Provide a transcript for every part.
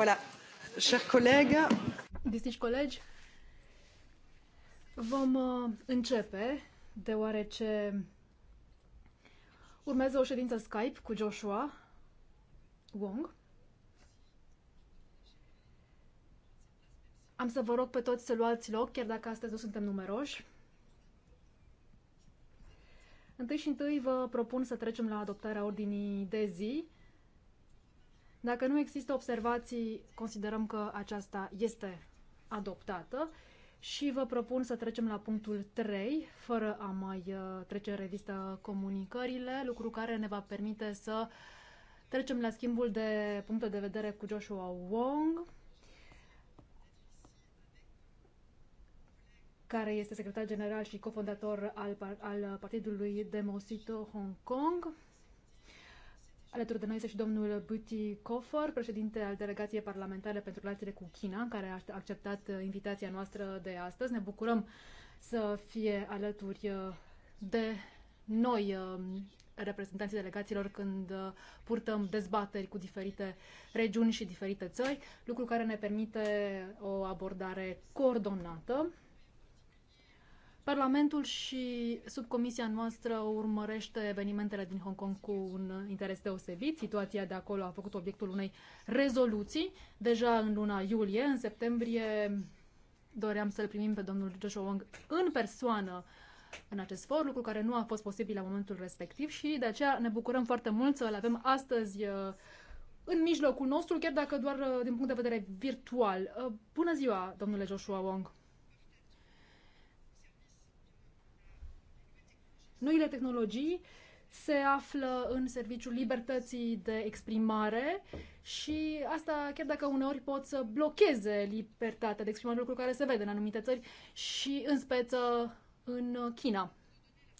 Voilà. Chers collègues. Distinși colegi, vom uh, începe, deoarece urmează o ședință Skype cu Joshua Wong. Am să vă rog pe toți să luați loc, chiar dacă astăzi nu suntem numeroși. Întâi și întâi vă propun să trecem la adoptarea ordinii de zi. Dacă nu există observații, considerăm că aceasta este adoptată și vă propun să trecem la punctul 3, fără a mai uh, trece în revistă comunicările, lucru care ne va permite să trecem la schimbul de puncte de vedere cu Joshua Wong, care este secretar general și cofondator al, al Partidului Democito Hong Kong. Alături de noi este și domnul Buti Cofor, președinte al Delegației Parlamentare pentru Relațiile cu China, care a acceptat uh, invitația noastră de astăzi. Ne bucurăm să fie alături uh, de noi uh, reprezentanții delegațiilor când purtăm dezbateri cu diferite regiuni și diferite țări, lucru care ne permite o abordare coordonată Parlamentul și subcomisia noastră urmărește evenimentele din Hong Kong cu un interes deosebit. Situația de acolo a făcut obiectul unei rezoluții deja în luna iulie. În septembrie doream să-l primim pe domnul Joshua Wong în persoană în acest for, lucru care nu a fost posibil la momentul respectiv și de aceea ne bucurăm foarte mult să-l avem astăzi uh, în mijlocul nostru, chiar dacă doar uh, din punct de vedere virtual. Uh, bună ziua, domnule Joshua Wong! Noile tehnologii se află în serviciul libertății de exprimare și asta chiar dacă uneori pot să blocheze libertatea de exprimare, lucru care se vede în anumite țări și în speță în China.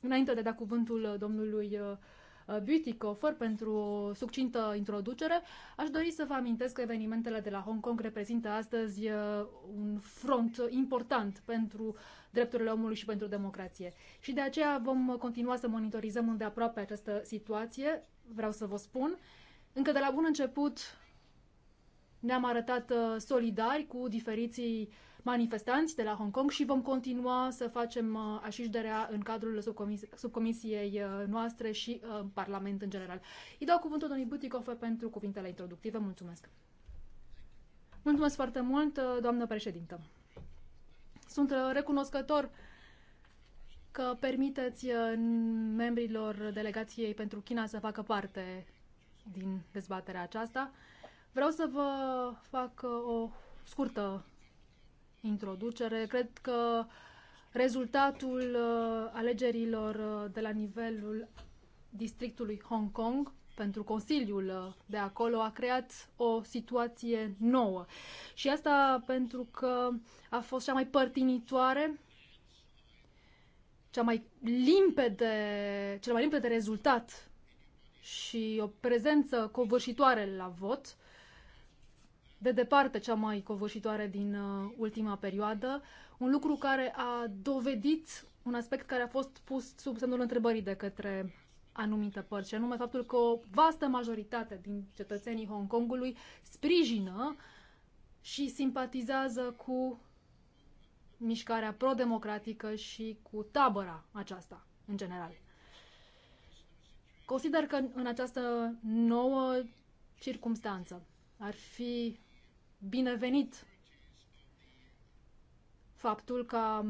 Înainte de a da cuvântul domnului uh, Uh, Coffer pentru o succintă introducere. Aș dori să vă amintesc că evenimentele de la Hong Kong reprezintă astăzi uh, un front important pentru drepturile omului și pentru democrație. Și de aceea vom continua să monitorizăm îndeaproape această situație, vreau să vă spun. Încă de la bun început ne-am arătat uh, solidari cu diferiții uh, manifestanți de la Hong Kong și vom continua să facem uh, așișderea în cadrul subcomis- subcomisiei uh, noastre și uh, în Parlament în general. Îi dau cuvântul domnului Butikofer pentru cuvintele introductive. Mulțumesc! Mulțumesc foarte mult, doamnă președintă! Sunt recunoscător că permiteți membrilor delegației pentru China să facă parte din dezbaterea aceasta. Vreau să vă fac o scurtă introducere. Cred că rezultatul uh, alegerilor uh, de la nivelul districtului Hong Kong pentru Consiliul uh, de acolo a creat o situație nouă. Și asta pentru că a fost cea mai părtinitoare, cea mai limpede, cel mai limpede rezultat și o prezență covârșitoare la vot de departe cea mai covârșitoare din uh, ultima perioadă, un lucru care a dovedit un aspect care a fost pus sub semnul întrebării de către anumite părți, și anume faptul că o vastă majoritate din cetățenii Hong Kongului sprijină și simpatizează cu mișcarea pro-democratică și cu tabăra aceasta, în general. Consider că în această nouă circumstanță ar fi binevenit faptul că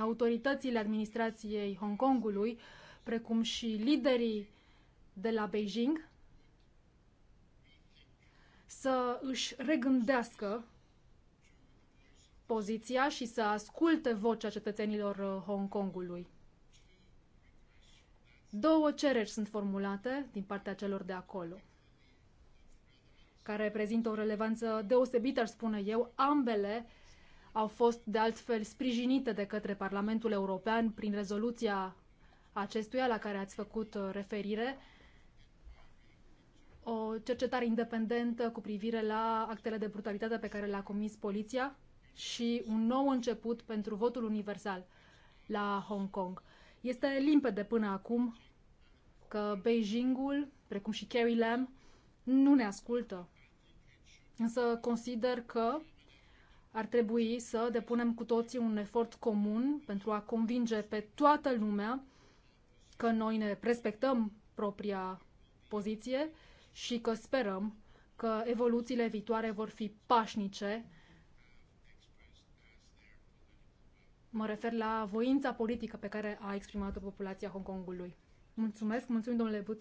autoritățile administrației Hong Kongului, precum și liderii de la Beijing, să își regândească poziția și să asculte vocea cetățenilor uh, Hong Kongului. Două cereri sunt formulate din partea celor de acolo care prezintă o relevanță deosebită, aș spune eu. Ambele au fost de altfel sprijinite de către Parlamentul European prin rezoluția acestuia la care ați făcut uh, referire o cercetare independentă cu privire la actele de brutalitate pe care le-a comis poliția și un nou început pentru votul universal la Hong Kong. Este limpede până acum că Beijingul, precum și Carrie Lam, nu ne ascultă însă consider că ar trebui să depunem cu toții un efort comun pentru a convinge pe toată lumea că noi ne respectăm propria poziție și că sperăm că evoluțiile viitoare vor fi pașnice. Mă refer la voința politică pe care a exprimat-o populația Hong Kongului. Mulțumesc, mulțumim domnule uh,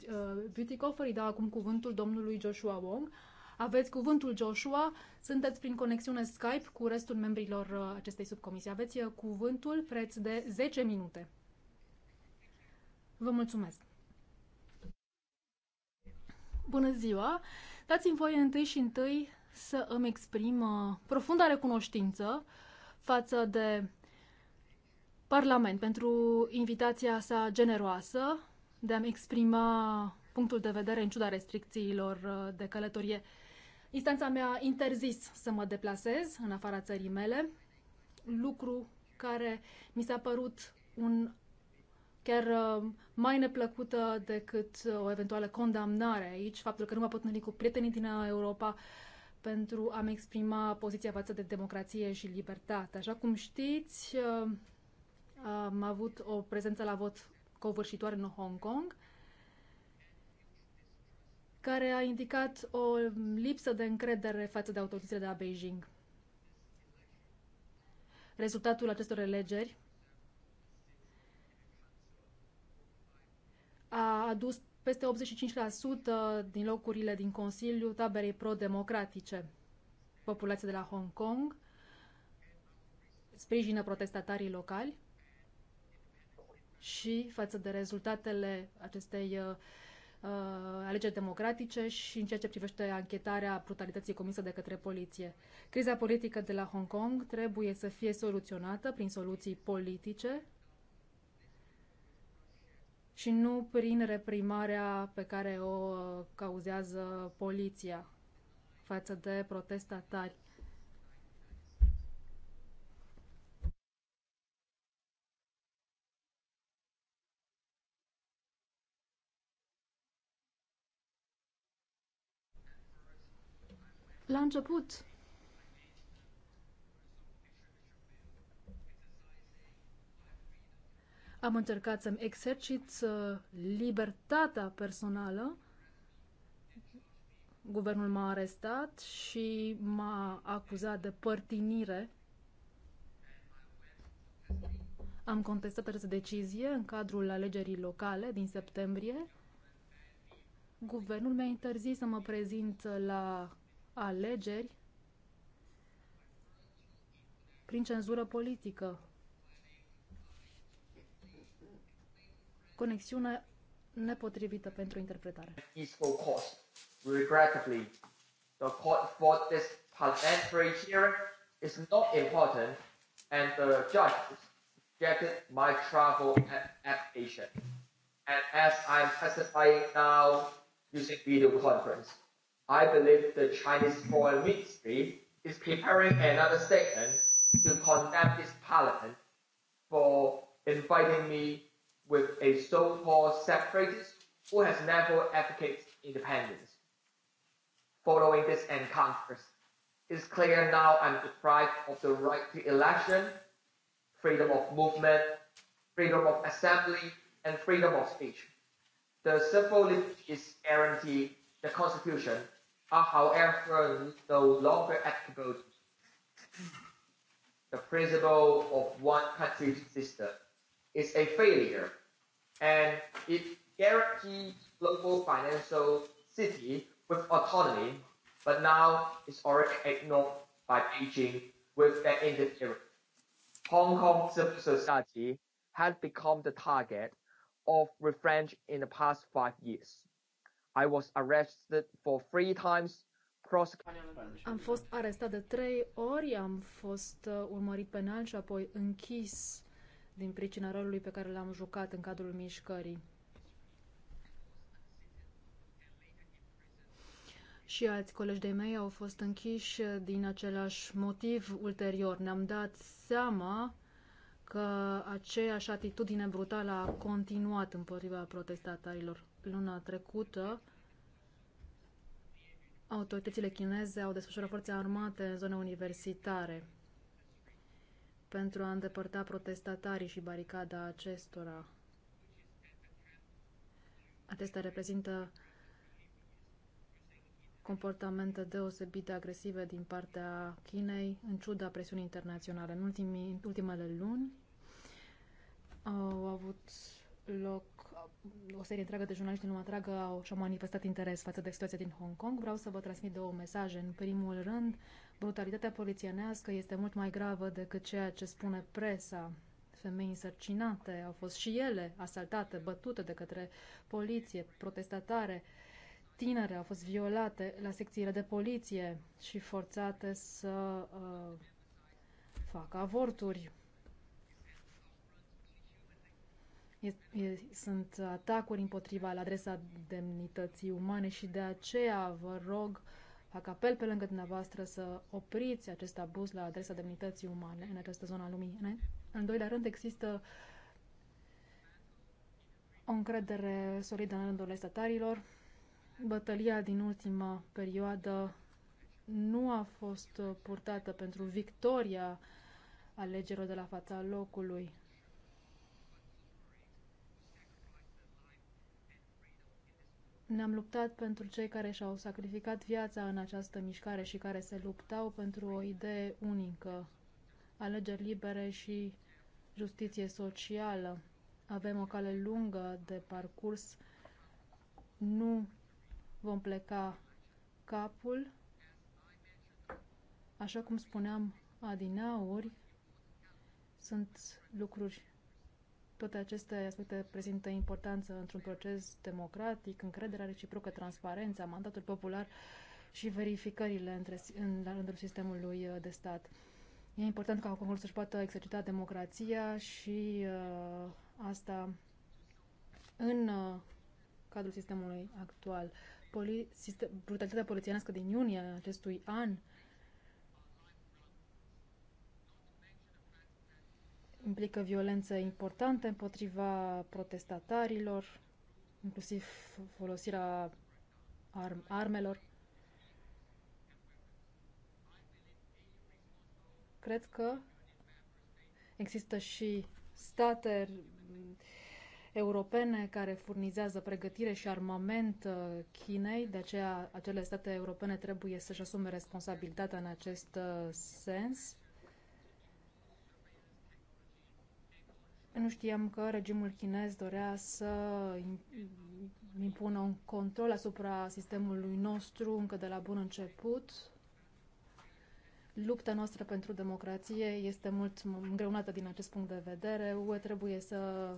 Butikofer, îi dau acum cuvântul domnului Joshua Wong aveți cuvântul, Joshua. Sunteți prin conexiune Skype cu restul membrilor uh, acestei subcomisii. Aveți uh, cuvântul preț de 10 minute. Vă mulțumesc. Bună ziua! Dați-mi voie întâi și întâi să îmi exprim uh, profunda recunoștință față de Parlament pentru invitația sa generoasă de a-mi exprima punctul de vedere în ciuda restricțiilor de călătorie. Instanța mi-a interzis să mă deplasez în afara țării mele, lucru care mi s-a părut un chiar uh, mai neplăcută decât uh, o eventuală condamnare aici, faptul că nu mă pot putut întâlni cu prietenii din Europa pentru a-mi exprima poziția față de democrație și libertate. Așa cum știți, uh, am avut o prezență la vot covârșitoare în Hong Kong care a indicat o lipsă de încredere față de autoritățile de la Beijing. Rezultatul acestor elegeri a adus peste 85% din locurile din Consiliu taberei pro-democratice. Populația de la Hong Kong sprijină protestatarii locali și față de rezultatele acestei uh, Uh, alegeri democratice și în ceea ce privește anchetarea brutalității comisă de către poliție. Criza politică de la Hong Kong trebuie să fie soluționată prin soluții politice și nu prin reprimarea pe care o cauzează poliția față de protestatari. La început, am încercat să-mi exercit libertatea personală. Guvernul m-a arestat și m-a acuzat de părtinire. Am contestat această decizie în cadrul alegerii locale din septembrie. Guvernul mi-a interzis să mă prezint la alegeri prin cenzură politică. Conexiune nepotrivită pentru interpretare. Peaceful course. Regrettably, the court for this parliamentary hearing is not important and the judge rejected my travel application. And as I'm testifying now using video conference. I believe the Chinese foreign ministry is preparing another statement to condemn this parliament for inviting me with a so-called separatist who has never advocated independence. Following this encounter, it's clear now I'm deprived of the right to election, freedom of movement, freedom of assembly, and freedom of speech. The civil liberties is the constitution are however no longer applicable the principle of one country system is a failure and it guarantees global financial city with autonomy, but now it's already ignored by Beijing with their interference. Hong Kong civil society had become the target of revenge in the past five years. I was arrested for three times. Am fost arestat de trei ori, am fost uh, urmărit penal și apoi închis din pricina rolului pe care l-am jucat în cadrul mișcării. Și alți colegi de mei au fost închiși din același motiv ulterior. Ne-am dat seama că aceeași atitudine brutală a continuat împotriva protestatarilor luna trecută, autoritățile chineze au desfășurat forțe armate în zone universitare pentru a îndepărta protestatarii și baricada acestora. Acestea reprezintă comportamente deosebit de agresive din partea Chinei, în ciuda presiunii internaționale. În ultimii, ultimele luni au avut loc o serie întreagă de jurnaliști în lumea întreagă au, și-au manifestat interes față de situația din Hong Kong. Vreau să vă transmit două mesaje. În primul rând, brutalitatea polițienească este mult mai gravă decât ceea ce spune presa. Femei însărcinate au fost și ele asaltate, bătute de către poliție, protestatare. Tinere au fost violate la secțiile de poliție și forțate să uh, facă avorturi. sunt atacuri împotriva la adresa demnității umane și de aceea vă rog, fac apel pe lângă dumneavoastră să opriți acest abuz la adresa demnității umane în această zonă a lumii. În doilea rând, există o încredere solidă în rândul statarilor. Bătălia din ultima perioadă nu a fost purtată pentru victoria alegerilor de la fața locului Ne-am luptat pentru cei care și-au sacrificat viața în această mișcare și care se luptau pentru o idee unică, alegeri libere și justiție socială. Avem o cale lungă de parcurs. Nu vom pleca capul. Așa cum spuneam adinauri, sunt lucruri toate aceste aspecte prezintă importanță într-un proces democratic, încrederea reciprocă, transparența, mandatul popular și verificările între, în, la rândul sistemului uh, de stat. E important ca Congresul să-și poată exercita democrația și uh, asta în uh, cadrul sistemului actual. Poli- sistem, brutalitatea polițienească din iunie acestui an uh, implică violențe importante împotriva protestatarilor, inclusiv folosirea arm armelor. Cred că există și state europene care furnizează pregătire și armament uh, Chinei, de aceea acele state europene trebuie să-și asume responsabilitatea în acest uh, sens Nu știam că regimul chinez dorea să impună un control asupra sistemului nostru încă de la bun început. Lupta noastră pentru democrație este mult îngreunată din acest punct de vedere. UE trebuie să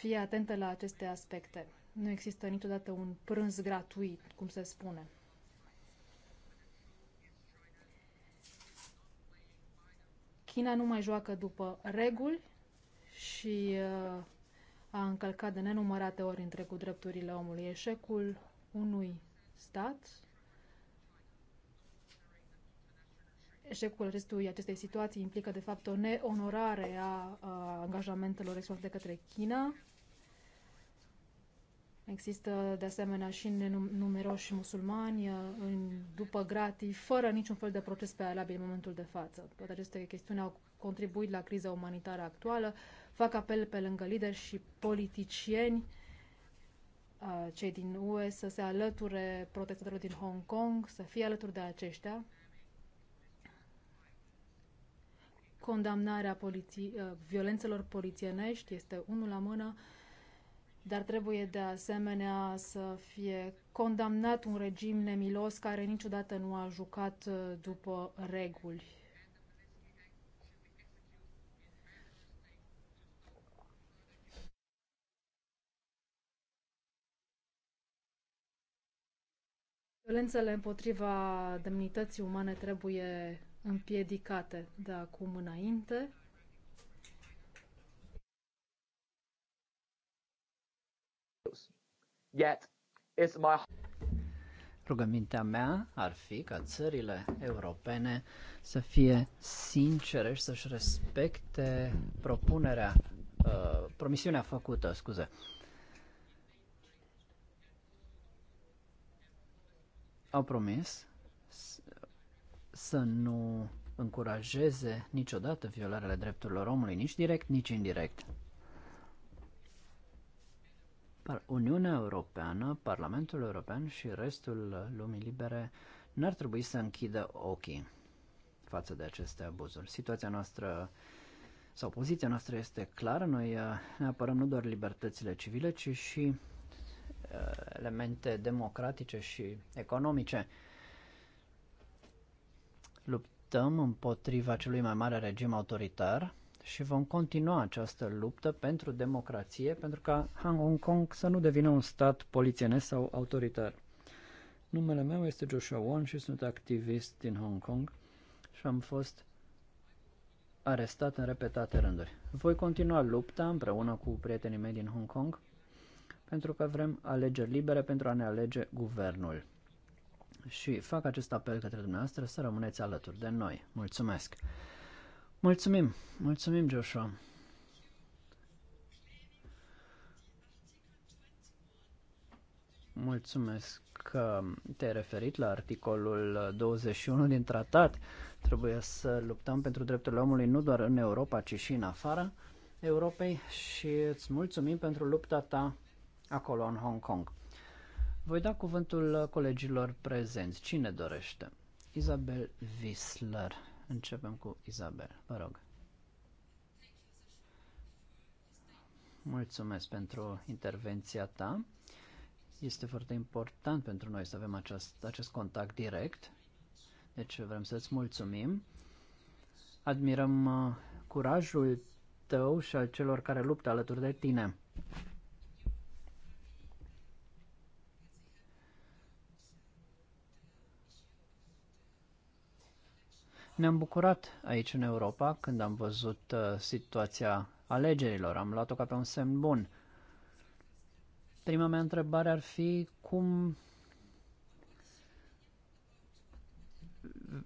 fie atentă la aceste aspecte. Nu există niciodată un prânz gratuit, cum se spune. China nu mai joacă după reguli și uh, a încălcat de nenumărate ori între cu drepturile omului. Eșecul unui stat, eșecul restului acestei situații implică de fapt o neonorare a, a uh, angajamentelor exportate către China Există de asemenea și numeroși musulmani uh, în, după gratii, fără niciun fel de proces alabil în momentul de față. Toate aceste chestiuni au contribuit la criza umanitară actuală. Fac apel pe lângă lideri și politicieni, uh, cei din UE, să se alăture protestatorilor din Hong Kong, să fie alături de aceștia. Condamnarea poliție, uh, violențelor polițienești este unul la mână dar trebuie de asemenea să fie condamnat un regim nemilos care niciodată nu a jucat uh, după reguli. Violențele împotriva demnității umane trebuie împiedicate de acum înainte. Yet, it's my... Rugămintea mea ar fi ca țările europene să fie sincere și să-și respecte propunerea, uh, promisiunea făcută, scuze. Au promis să nu încurajeze niciodată violarea drepturilor omului, nici direct, nici indirect. Uniunea Europeană, Parlamentul European și restul lumii libere n-ar trebui să închidă ochii față de aceste abuzuri. Situația noastră sau poziția noastră este clară. Noi uh, ne apărăm nu doar libertățile civile, ci și uh, elemente democratice și economice. Luptăm împotriva celui mai mare regim autoritar și vom continua această luptă pentru democrație, pentru ca Hong Kong să nu devină un stat polițienesc sau autoritar. Numele meu este Joshua Wong și sunt activist din Hong Kong și am fost arestat în repetate rânduri. Voi continua lupta împreună cu prietenii mei din Hong Kong pentru că vrem alegeri libere pentru a ne alege guvernul. Și fac acest apel către dumneavoastră să rămâneți alături de noi. Mulțumesc! Mulțumim, mulțumim Joshua. Mulțumesc că te-ai referit la articolul 21 din tratat. Trebuie să luptăm pentru drepturile omului nu doar în Europa, ci și în afara Europei și îți mulțumim pentru lupta ta acolo în Hong Kong. Voi da cuvântul colegilor prezenți. Cine dorește? Isabel Wissler, Începem cu Isabel, vă rog. Mulțumesc pentru intervenția ta. Este foarte important pentru noi să avem acest, acest contact direct, deci vrem să-ți mulțumim. Admirăm uh, curajul tău și al celor care luptă alături de tine. Ne-am bucurat aici în Europa când am văzut uh, situația alegerilor, am luat-o ca pe un semn bun. Prima mea întrebare ar fi cum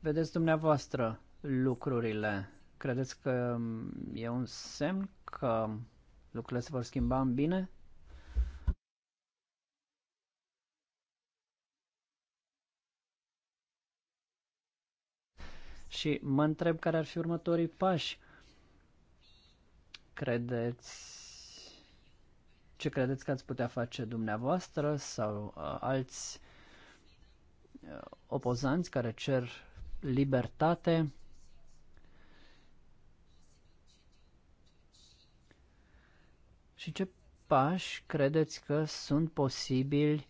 vedeți dumneavoastră lucrurile? Credeți că um, e un semn că lucrurile se vor schimba în bine? Și mă întreb care ar fi următorii pași. Credeți ce credeți că ați putea face dumneavoastră sau uh, alți uh, opozanți care cer libertate? Și ce pași credeți că sunt posibili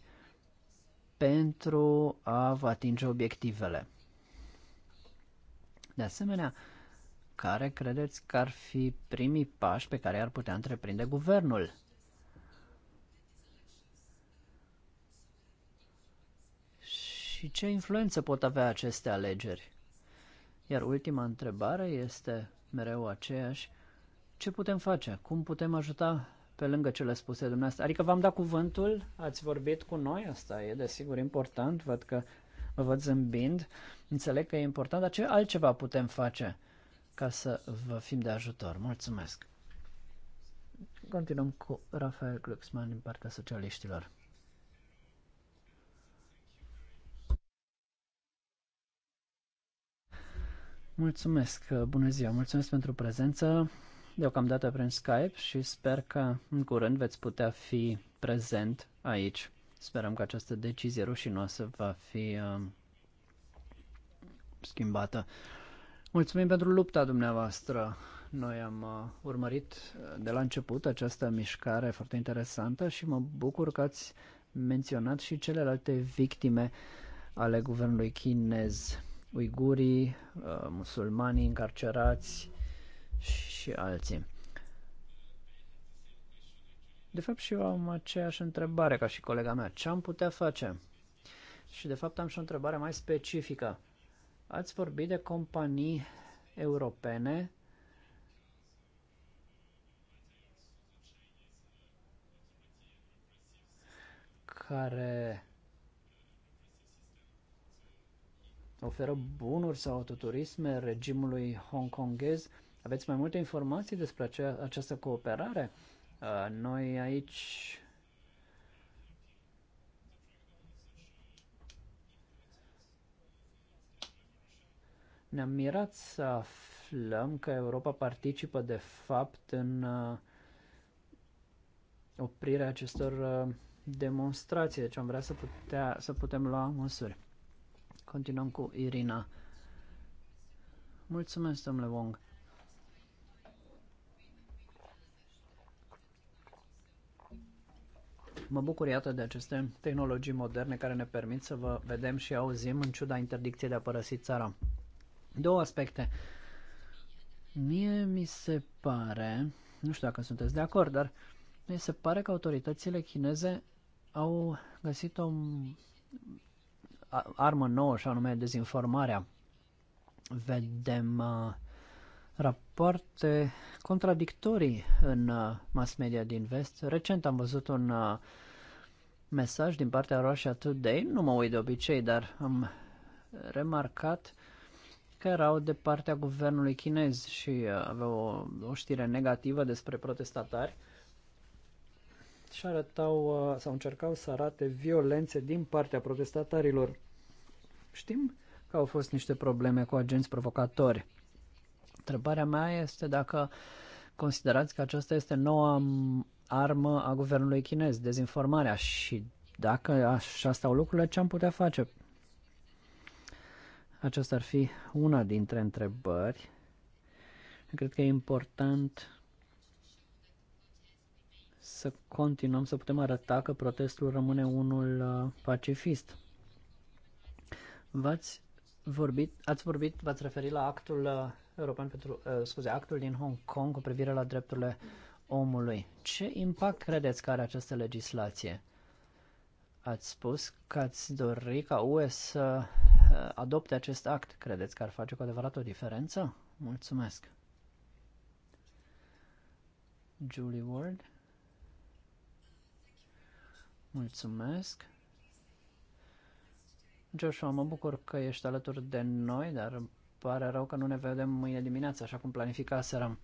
pentru a vă atinge obiectivele? De asemenea, care credeți că ar fi primii pași pe care ar putea întreprinde guvernul? Și ce influență pot avea aceste alegeri? Iar ultima întrebare este mereu aceeași. Ce putem face? Cum putem ajuta pe lângă cele spuse dumneavoastră? Adică v-am dat cuvântul, ați vorbit cu noi, asta e desigur important, văd că vă văd zâmbind, înțeleg că e important, dar ce altceva putem face ca să vă fim de ajutor? Mulțumesc! Continuăm cu Rafael Glucksmann din partea socialiștilor. Mulțumesc, bună ziua, mulțumesc pentru prezență deocamdată prin Skype și sper că în curând veți putea fi prezent aici Sperăm că această decizie rușinoasă va fi uh, schimbată. Mulțumim pentru lupta dumneavoastră. Noi am uh, urmărit uh, de la început această mișcare foarte interesantă și mă bucur că ați menționat și celelalte victime ale guvernului chinez, uigurii, uh, musulmanii încarcerați și alții. De fapt și eu am aceeași întrebare ca și colega mea. Ce am putea face? Și de fapt am și o întrebare mai specifică. Ați vorbit de companii europene care oferă bunuri sau autoturisme regimului hongkongez. Aveți mai multe informații despre acea, această cooperare? Uh, noi aici ne-am mirat să aflăm că Europa participă de fapt în uh, oprirea acestor uh, demonstrații, deci am vrea să, putea, să putem lua măsuri. Continuăm cu Irina. Mulțumesc, domnule Wong. Mă bucur, iată, de aceste tehnologii moderne care ne permit să vă vedem și auzim în ciuda interdicției de a părăsi țara. Două aspecte. Mie mi se pare, nu știu dacă sunteți de acord, dar mi se pare că autoritățile chineze au găsit o armă nouă, și anume dezinformarea. Vedem uh, rapoarte contradictorii în uh, mass media din vest. Recent am văzut un uh, mesaj din partea Russia Today, nu mă uit de obicei, dar am remarcat că erau de partea guvernului chinez și uh, aveau o, o știre negativă despre protestatari și arătau sau încercau să arate violențe din partea protestatarilor. Știm că au fost niște probleme cu agenți provocatori Întrebarea mea este dacă considerați că aceasta este noua armă a guvernului chinez, dezinformarea și dacă așa stau lucrurile, ce am putea face? Aceasta ar fi una dintre întrebări. Cred că e important să continuăm să putem arăta că protestul rămâne unul uh, pacifist. V-ați vorbit, ați vorbit, v-ați referit la actul uh, european pentru, uh, scuze, actul din Hong Kong cu privire la drepturile omului. Ce impact credeți că are această legislație? Ați spus că ați dori ca UE să uh, adopte acest act. Credeți că ar face cu adevărat o diferență? Mulțumesc. Julie Ward. Mulțumesc. Joshua, mă bucur că ești alături de noi, dar pare rău că nu ne vedem mâine dimineață, așa cum planificaserăm.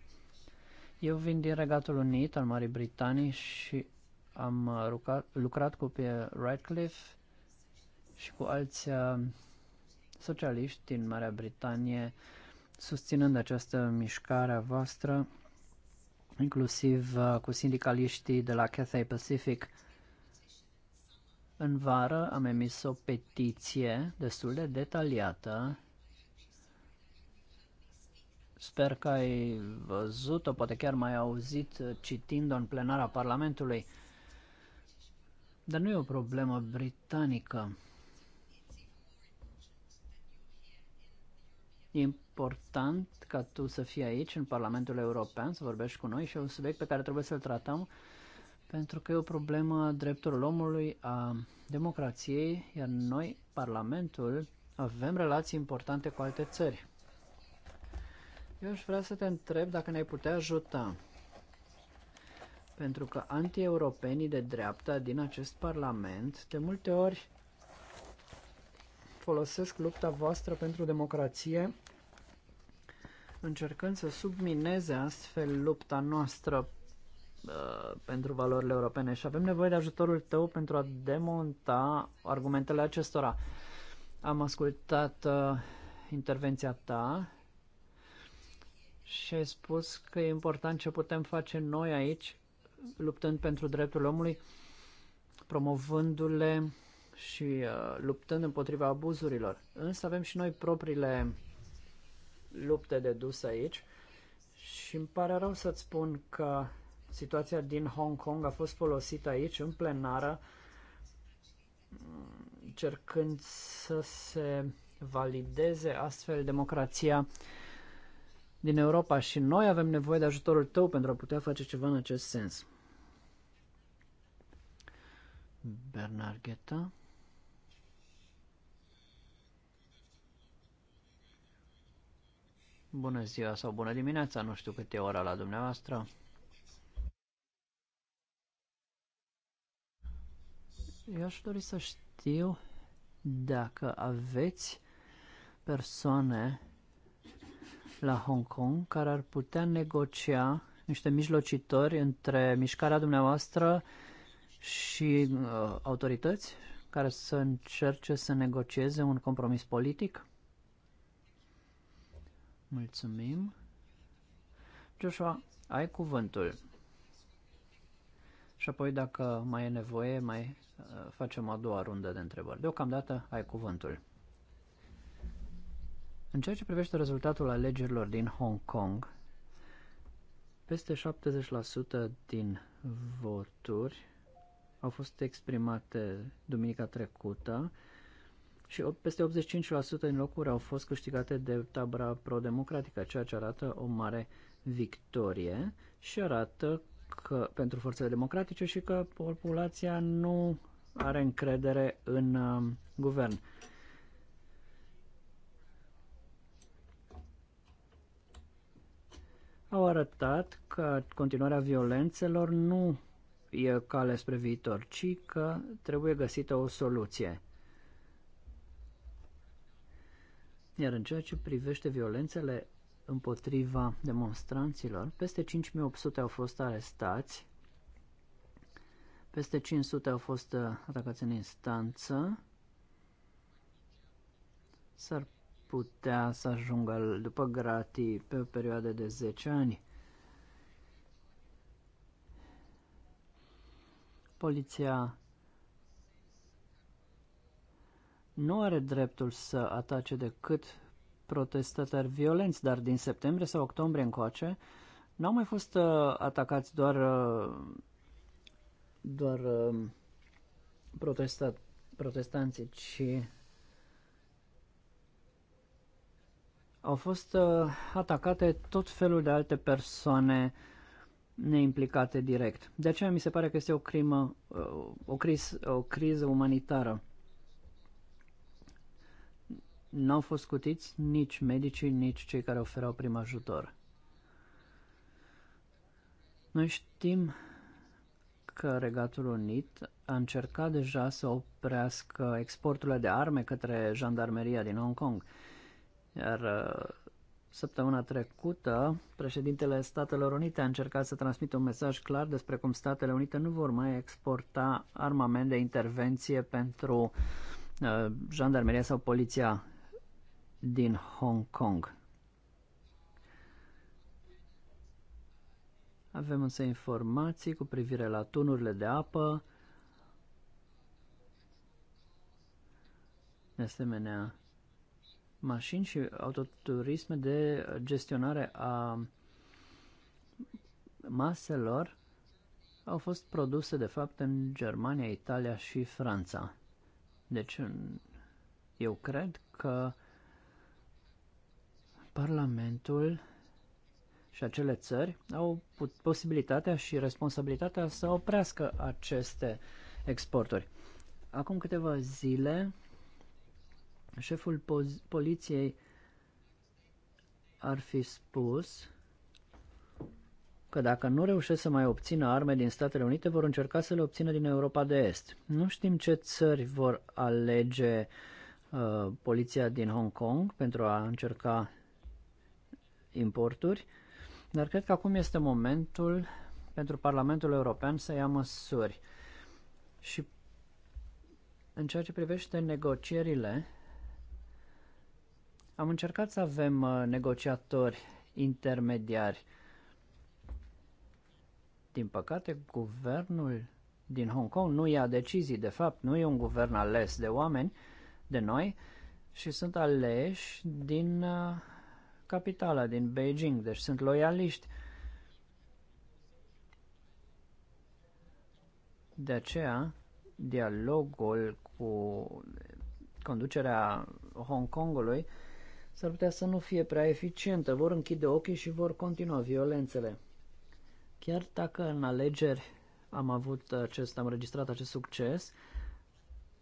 Eu vin din Regatul Unit al Marii Britanii și am lucrat, uh, lucrat cu pe Radcliffe și cu alți uh, socialiști din Marea Britanie, susținând această mișcare a voastră, inclusiv uh, cu sindicaliștii de la Cathay Pacific. În vară am emis o petiție destul de detaliată Sper că ai văzut-o, poate chiar mai auzit citind-o în plenara Parlamentului. Dar nu e o problemă britanică. E important ca tu să fii aici, în Parlamentul European, să vorbești cu noi și e un subiect pe care trebuie să-l tratăm pentru că e o problemă a drepturilor omului, a democrației, iar noi, Parlamentul, avem relații importante cu alte țări. Eu aș vrea să te întreb dacă ne-ai putea ajuta. Pentru că antieuropenii de dreapta din acest parlament de multe ori folosesc lupta voastră pentru democrație încercând să submineze astfel lupta noastră uh, pentru valorile europene și avem nevoie de ajutorul tău pentru a demonta argumentele acestora. Am ascultat uh, intervenția ta și ai spus că e important ce putem face noi aici, luptând pentru dreptul omului, promovându-le și uh, luptând împotriva abuzurilor. Însă avem și noi propriile lupte de dus aici și îmi pare rău să-ți spun că situația din Hong Kong a fost folosită aici, în plenară, mm, cercând să se valideze astfel democrația uh, din Europa și noi avem nevoie de ajutorul tău pentru a putea face ceva în acest sens. Bernard Bună ziua sau bună dimineața, nu știu câte ora la dumneavoastră. Eu aș dori să știu dacă aveți persoane la Hong Kong care ar putea negocia niște mijlocitori între mișcarea dumneavoastră și uh, autorități care să încerce să negocieze un compromis politic? Mulțumim. Joshua, ai cuvântul. Și apoi, dacă mai e nevoie, mai uh, facem a doua rundă de întrebări. Deocamdată ai cuvântul. În ceea ce privește rezultatul alegerilor din Hong Kong, peste 70% din voturi au fost exprimate duminica trecută și peste 85% din locuri au fost câștigate de tabra pro-democratică, ceea ce arată o mare victorie și arată că pentru forțele democratice și că populația nu are încredere în uh, guvern. au arătat că continuarea violențelor nu e cale spre viitor, ci că trebuie găsită o soluție. Iar în ceea ce privește violențele împotriva demonstranților, peste 5800 au fost arestați, peste 500 au fost atacați în instanță, s-ar putea să ajungă după gratii pe o perioadă de 10 ani. Poliția nu are dreptul să atace decât protestatari violenți, dar din septembrie sau octombrie încoace n-au mai fost uh, atacați doar, uh, doar uh, protestat, protestanții, ci au fost uh, atacate tot felul de alte persoane neimplicate direct. De aceea mi se pare că este o crimă, uh, o, criz, o criză umanitară. N-au fost scutiți nici medicii, nici cei care oferau prim ajutor. Noi știm că Regatul Unit a încercat deja să oprească exporturile de arme către jandarmeria din Hong Kong. Uh, iar uh, săptămâna trecută, președintele Statelor Unite a încercat să transmită un mesaj clar despre cum Statele Unite nu vor mai exporta armament de intervenție pentru uh, jandarmeria sau poliția din Hong Kong. Avem însă informații cu privire la tunurile de apă, de asemenea mașini și autoturisme de gestionare a maselor au fost produse de fapt în Germania, Italia și Franța. Deci eu cred că Parlamentul și acele țări au posibilitatea și responsabilitatea să oprească aceste exporturi. Acum câteva zile Șeful poz- poliției ar fi spus că dacă nu reușesc să mai obțină arme din Statele Unite, vor încerca să le obțină din Europa de Est. Nu știm ce țări vor alege uh, poliția din Hong Kong pentru a încerca importuri, dar cred că acum este momentul pentru Parlamentul European să ia măsuri. Și în ceea ce privește negocierile am încercat să avem uh, negociatori intermediari. Din păcate, guvernul din Hong Kong nu ia decizii, de fapt, nu e un guvern ales de oameni, de noi, și sunt aleși din uh, capitala, din Beijing, deci sunt loialiști. De aceea, dialogul cu conducerea Hong Kongului s-ar putea să nu fie prea eficientă, vor închide ochii și vor continua violențele. Chiar dacă în alegeri am avut acest, am registrat acest succes,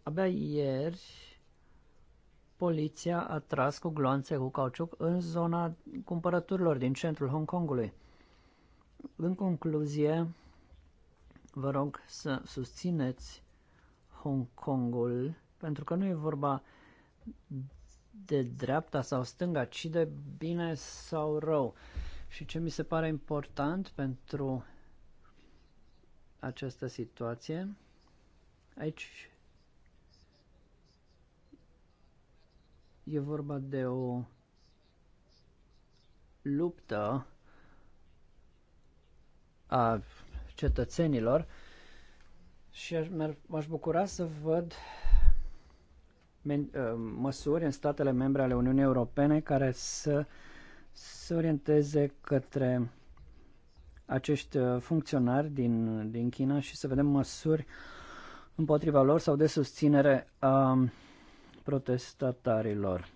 abia ieri poliția a tras cu gloanțe cu cauciuc în zona cumpărăturilor din centrul Hong Kongului. În concluzie, vă rog să susțineți Hong Kongul, pentru că nu e vorba de dreapta sau stânga, ci de bine sau rău. Și ce mi se pare important pentru această situație, aici e vorba de o luptă a cetățenilor și aș, m-aș bucura să văd Uh, măsuri în statele membre ale Uniunii Europene care să se orienteze către acești uh, funcționari din, din China și să vedem măsuri împotriva lor sau de susținere a protestatarilor.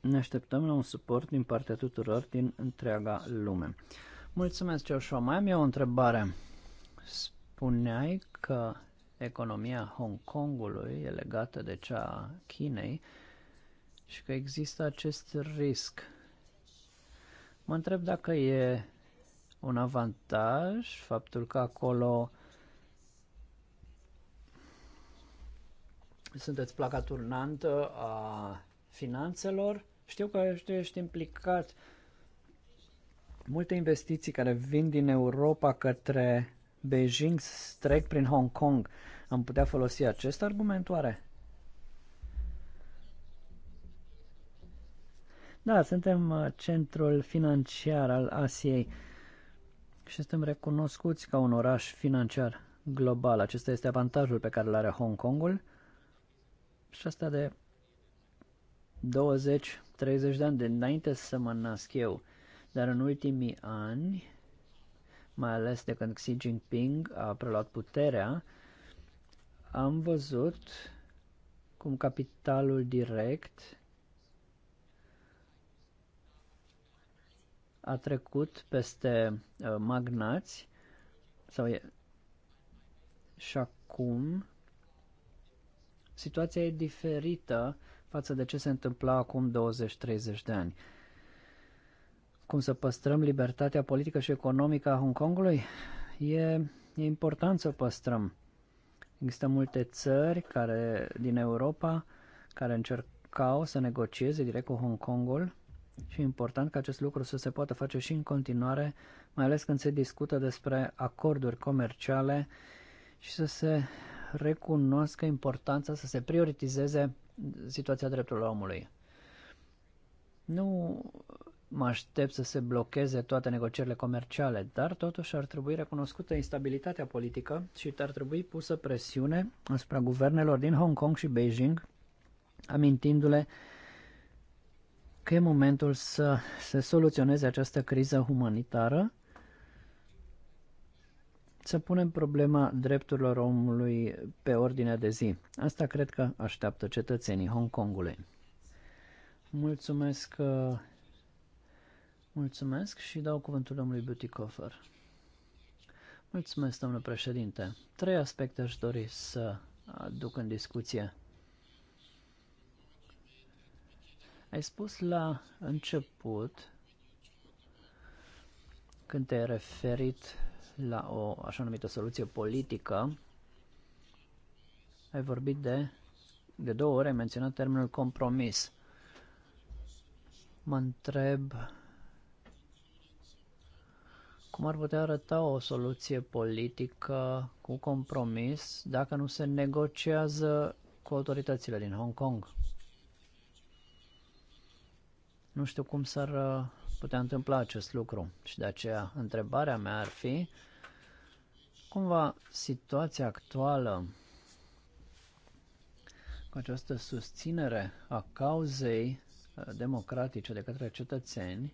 Ne așteptăm la un suport din partea tuturor din întreaga lume. Mulțumesc, Ceaușa. Mai am eu o întrebare. Spuneai că economia Hong Kongului e legată de cea a Chinei și că există acest risc. Mă întreb dacă e un avantaj faptul că acolo sunteți placa turnantă uh, a finanțelor. Știu că ești, ești implicat multe investiții care vin din Europa către Beijing trec prin Hong Kong. Am putea folosi acest argument oare? Da, suntem uh, centrul financiar al Asiei și suntem recunoscuți ca un oraș financiar global. Acesta este avantajul pe care îl are Hong Kongul și asta de 20-30 de ani de înainte să mă nasc eu. Dar în ultimii ani mai ales de când Xi Jinping a preluat puterea, am văzut cum capitalul direct a trecut peste uh, magnați sau e... și acum situația e diferită față de ce se întâmpla acum 20-30 de ani cum să păstrăm libertatea politică și economică a Hong Kongului? E, e important să o păstrăm. Există multe țări care, din Europa care încercau să negocieze direct cu Hong Kongul și e important ca acest lucru să se poată face și în continuare, mai ales când se discută despre acorduri comerciale și să se recunoască importanța să se prioritizeze situația drepturilor omului. Nu mă aștept să se blocheze toate negocierile comerciale, dar totuși ar trebui recunoscută instabilitatea politică și ar trebui pusă presiune asupra guvernelor din Hong Kong și Beijing, amintindu-le că e momentul să se soluționeze această criză umanitară, să punem problema drepturilor omului pe ordinea de zi. Asta cred că așteaptă cetățenii Hong Kongului. Mulțumesc uh, Mulțumesc și dau cuvântul domnului Butikofer. Mulțumesc, domnule președinte. Trei aspecte aș dori să aduc în discuție. Ai spus la început, când te-ai referit la o așa numită soluție politică, ai vorbit de, de două ore, ai menționat termenul compromis. Mă întreb cum ar putea arăta o soluție politică cu compromis dacă nu se negociază cu autoritățile din Hong Kong? Nu știu cum s-ar uh, putea întâmpla acest lucru și de aceea întrebarea mea ar fi cumva situația actuală cu această susținere a cauzei uh, democratice de către cetățeni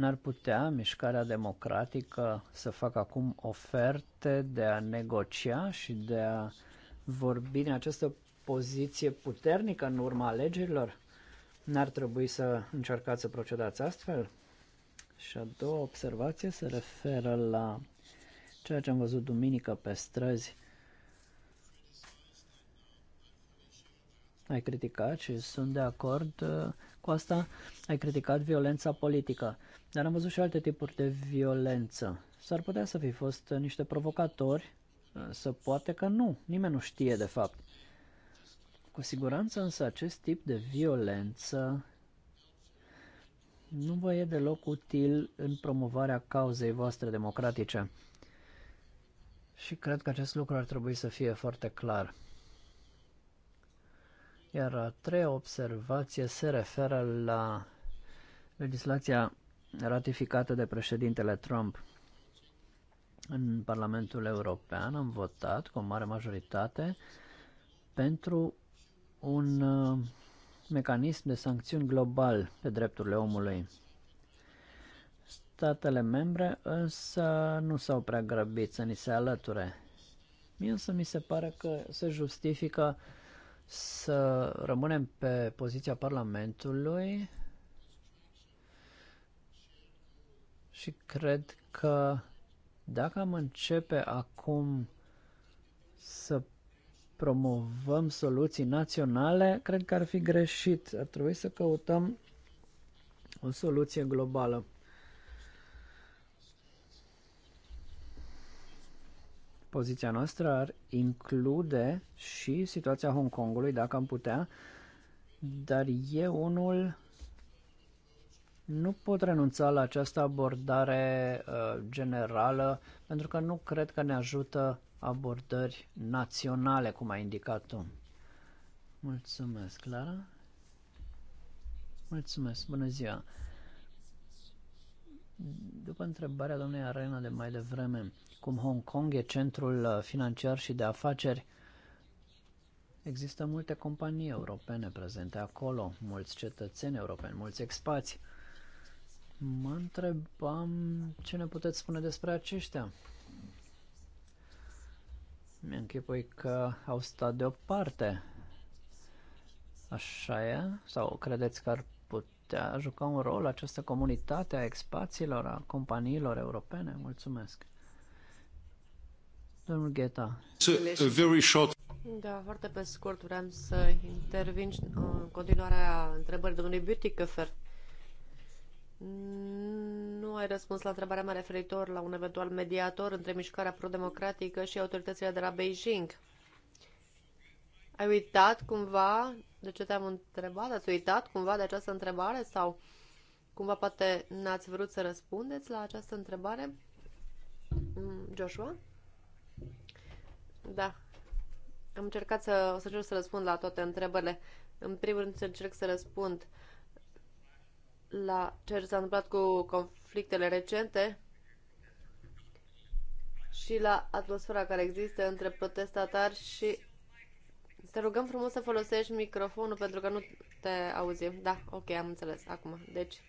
N-ar putea mișcarea democratică să facă acum oferte de a negocia și de a vorbi în această poziție puternică în urma alegerilor? N-ar trebui să încercați să procedați astfel? Și a doua observație se referă la ceea ce am văzut duminică pe străzi. Ai criticat și sunt de acord uh, cu asta. Ai criticat violența politică. Dar am văzut și alte tipuri de violență. S-ar putea să fi fost niște provocatori, să poate că nu. Nimeni nu știe de fapt. Cu siguranță însă acest tip de violență nu vă e deloc util în promovarea cauzei voastre democratice. Și cred că acest lucru ar trebui să fie foarte clar. Iar a treia observație se referă la legislația ratificată de președintele Trump în Parlamentul European, am votat cu o mare majoritate pentru un uh, mecanism de sancțiuni global pe drepturile omului. Statele membre însă nu s-au prea grăbit să ni se alăture. Mie însă mi se pare că se justifică să rămânem pe poziția Parlamentului și cred că dacă am începe acum să promovăm soluții naționale, cred că ar fi greșit. Ar trebui să căutăm o soluție globală. Poziția noastră ar include și situația Hong Kongului, dacă am putea, dar e unul nu pot renunța la această abordare uh, generală pentru că nu cred că ne ajută abordări naționale, cum ai indicat tu. Mulțumesc, Clara. Mulțumesc, bună ziua. După întrebarea domnului Arena de mai devreme, cum Hong Kong e centrul uh, financiar și de afaceri, există multe companii europene prezente acolo, mulți cetățeni europeni, mulți expați. Mă întrebam ce ne puteți spune despre aceștia. Mi-închipui că au stat deoparte. Așa e? Sau credeți că ar putea juca un rol această comunitate a expațiilor, a companiilor europene? Mulțumesc. Domnul Gheta. Uh, short. Da, foarte pe scurt vreau să intervin uh, în continuarea întrebării domnului căfer. Nu ai răspuns la întrebarea mea referitor la un eventual mediator între mișcarea pro-democratică și autoritățile de la Beijing. Ai uitat cumva de ce te-am întrebat? Ați uitat cumva de această întrebare sau cumva poate n-ați vrut să răspundeți la această întrebare? Mm, Joshua? Da. Am încercat să, o să încerc să răspund la toate întrebările. În primul rând să încerc să răspund uh, la ce s-a întâmplat cu conflictele recente și la atmosfera care există între protestatari și te rugăm frumos să folosești microfonul pentru că nu te auzim. Da, ok, am înțeles acum. Deci,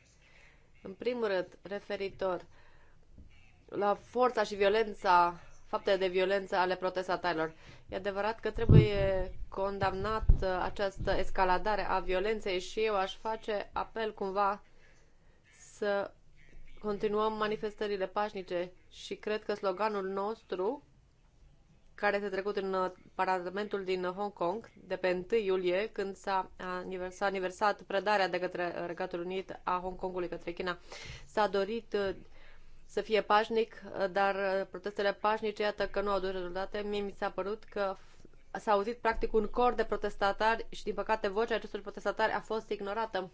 în primul rând, referitor la forța și violența, faptele de violență ale protestatarilor. E adevărat că trebuie condamnat această escaladare a violenței și eu aș face apel cumva să continuăm manifestările pașnice și cred că sloganul nostru, care este trecut în uh, Parlamentul din Hong Kong de pe 1 iulie, când s-a aniversat, aniversat predarea de către Regatul Unit a Hong Kongului către China, s-a dorit uh, să fie pașnic, uh, dar protestele pașnice, iată că nu au dus rezultate. Mie mi s-a părut că s-a auzit practic un cor de protestatari și, din păcate, vocea acestor protestatari a fost ignorată.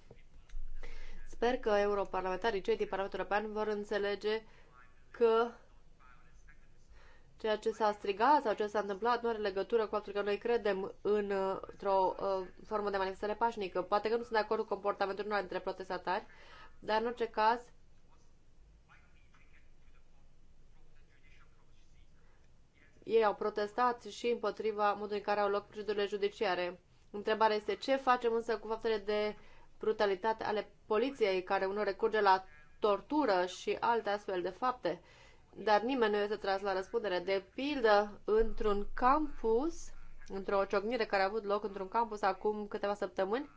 Sper că europarlamentarii, cei din Parlamentul European, vor înțelege că ceea ce s-a strigat sau ce s-a întâmplat nu are legătură cu faptul că noi credem în, într-o uh, formă de manifestare pașnică. Poate că nu sunt de acord cu comportamentul unor dintre protestatari, dar în orice caz ei au protestat și împotriva modului în care au loc procedurile judiciare. Întrebarea este ce facem însă cu faptele de brutalitate ale poliției, care unor recurge la tortură și alte astfel de fapte, dar nimeni nu este tras la răspundere. De pildă, într-un campus, într-o ciocnire care a avut loc într-un campus acum câteva săptămâni,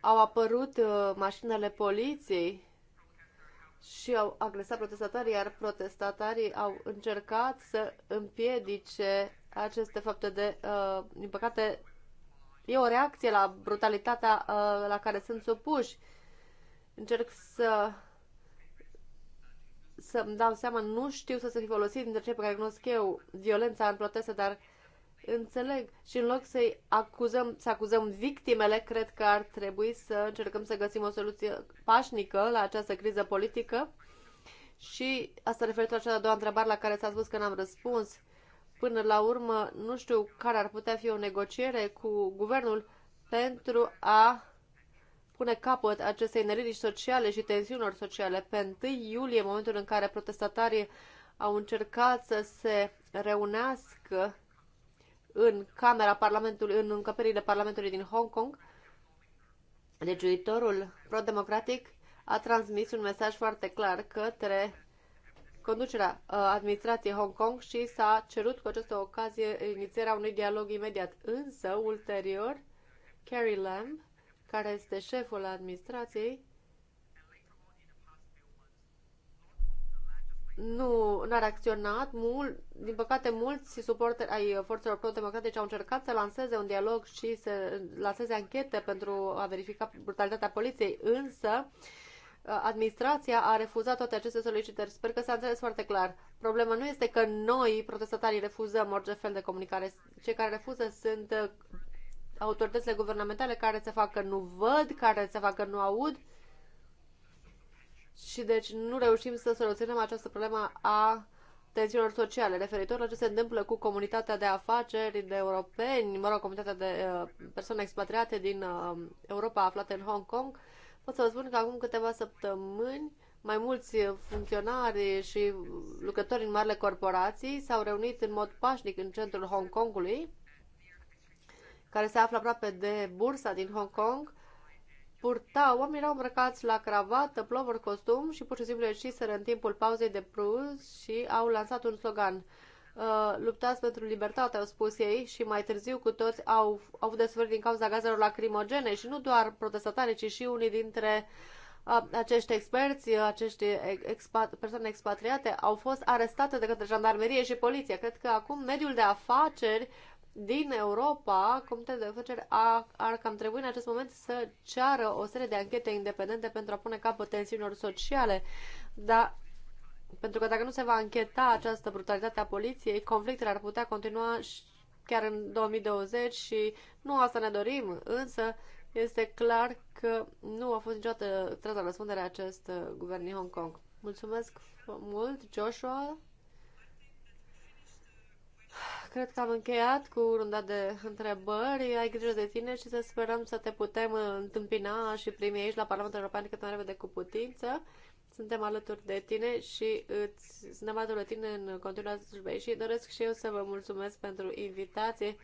au apărut uh, mașinile poliției și au agresat protestatarii, iar protestatarii au încercat să împiedice aceste fapte de, uh, din păcate, E o reacție la brutalitatea uh, la care sunt supuși. Încerc să să-mi dau seama, nu știu să se fi folosit dintre cei pe care cunosc eu violența în proteste, dar înțeleg. Și în loc să-i acuzăm, să acuzăm victimele, cred că ar trebui să încercăm să găsim o soluție pașnică la această criză politică. Și asta referitor la cea de-a doua întrebare la care s-a spus că n-am răspuns. Până la urmă, nu știu care ar putea fi o negociere cu guvernul pentru a pune capăt acestei neliniști sociale și tensiunilor sociale. Pe 1 iulie, momentul în care protestatarii au încercat să se reunească în camera Parlamentului, în încăperile Parlamentului din Hong Kong, legiuitorul pro-democratic a transmis un mesaj foarte clar către conducerea uh, administrației Hong Kong și s-a cerut cu această ocazie inițierea unui dialog imediat. Însă, ulterior, Carrie Lam, care este șeful administrației, nu a reacționat Mul, Mult, din păcate, mulți suporteri ai forțelor pro-democratice au încercat să lanseze un dialog și să lanseze anchete pentru a verifica brutalitatea poliției, însă Uh, administrația a refuzat toate aceste solicitări. Sper că s-a înțeles foarte clar. Problema nu este că noi, protestatarii, refuzăm orice fel de comunicare. Cei care refuză sunt uh, autoritățile guvernamentale care se fac că nu văd, care se fac că nu aud și deci nu reușim să soluționăm această problemă a tensiunilor sociale referitor la ce se întâmplă cu comunitatea de afaceri de europeni, mă rog, comunitatea de uh, persoane expatriate din Europa aflate în Hong Kong. Pot să vă spun că acum câteva săptămâni mai mulți funcționari și lucrători în marile corporații s-au reunit în mod pașnic în centrul Hong Kongului, care se află aproape de bursa din Hong Kong, purta, oamenii erau îmbrăcați la cravată, plovăr, costum și pur și simplu ieșiseră în timpul pauzei de prânz și au lansat un slogan Uh, luptați pentru libertate, au spus ei, și mai târziu cu toți au, au avut de suferit din cauza gazelor lacrimogene și nu doar protestatarii, ci și unii dintre uh, acești experți, uh, acești expat, persoane expatriate au fost arestate de către jandarmerie și poliție. Cred că acum mediul de afaceri din Europa, Comitetul de Afaceri ar cam trebui în acest moment să ceară o serie de anchete independente pentru a pune capăt tensiunilor sociale. Dar pentru că dacă nu se va încheta această brutalitate a poliției, conflictele ar putea continua chiar în 2020 și nu asta ne dorim, însă este clar că nu a fost niciodată tras la răspundere acest uh, guvern din Hong Kong. Mulțumesc mult, Joshua. Cred că am încheiat cu runda de întrebări. Ai grijă de tine și să sperăm să te putem uh, întâmpina și primi aici la Parlamentul European cât mai repede cu putință. Suntem alături de tine și îți, suntem alături de tine în continuarea slujbei și doresc și eu să vă mulțumesc pentru invitație.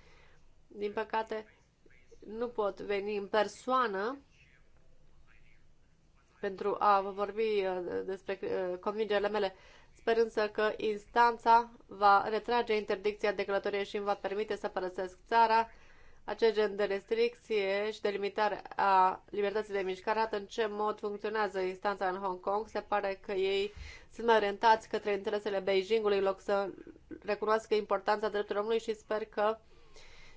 Din păcate, nu pot veni în persoană pentru a vă vorbi uh, despre uh, convingerile mele, sper însă că instanța va retrage interdicția de călătorie și îmi va permite să părăsesc țara acest gen de restricție și de limitare a libertății de mișcare, atât în ce mod funcționează instanța în Hong Kong. Se pare că ei sunt mai orientați către interesele Beijingului, în loc să recunoască importanța drepturilor omului și sper că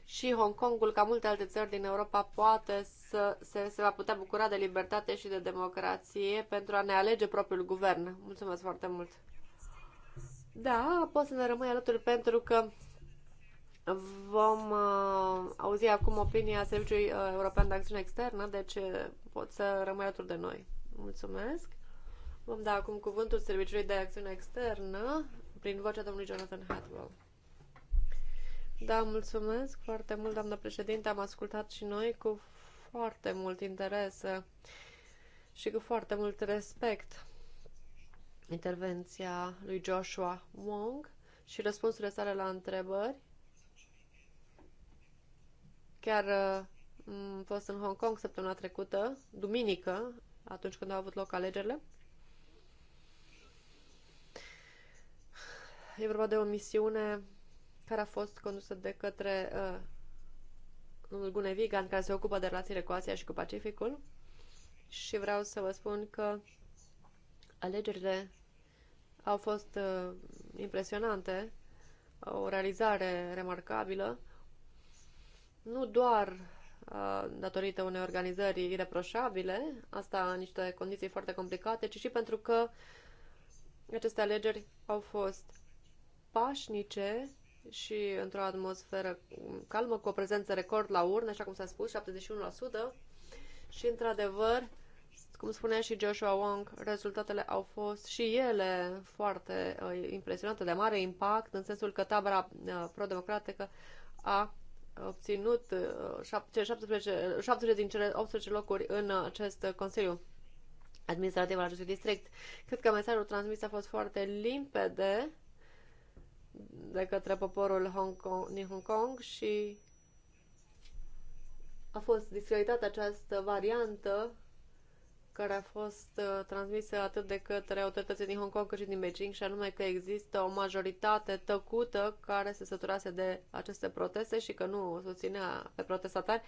și Hong Kongul, ca multe alte țări din Europa, poate să se, se va putea bucura de libertate și de democrație pentru a ne alege propriul guvern. Mulțumesc foarte mult! Da, poți să ne rămâi alături pentru că Vom uh, auzi acum opinia Serviciului uh, European de Acțiune Externă, deci pot să rămâi alături de noi. Mulțumesc! Vom da acum cuvântul Serviciului de Acțiune Externă prin vocea domnului Jonathan Hatwell. Da, mulțumesc foarte mult, doamnă președinte. Am ascultat și noi cu foarte mult interes și cu foarte mult respect intervenția lui Joshua Wong și răspunsurile sale la întrebări Chiar uh, am fost în Hong Kong săptămâna trecută, duminică, atunci când au avut loc alegerile. E vorba de o misiune care a fost condusă de către uh, domnul uh, Gunevigan, care se ocupă de relațiile cu Asia și cu Pacificul. Și vreau să vă spun că alegerile au fost uh, impresionante, o realizare remarcabilă nu doar datorită unei organizări ireproșabile, asta în niște condiții foarte complicate, ci și pentru că aceste alegeri au fost pașnice și într-o atmosferă calmă, cu o prezență record la urne, așa cum s-a spus, 71%. Și, într-adevăr, cum spunea și Joshua Wong, rezultatele au fost și ele foarte uh, impresionante, de mare impact, în sensul că tabăra uh, pro-democratică a obținut uh, cele 17, 17 din cele 18 locuri în acest Consiliu administrativ al acestui district. Cred că mesajul transmis a fost foarte limpede de către poporul Hong Kong, din Hong Kong și a fost discreditată această variantă care a fost uh, transmisă atât de către autoritățile din Hong Kong cât și din Beijing, și anume că există o majoritate tăcută care se săturase de aceste proteste și că nu susținea pe protestatari.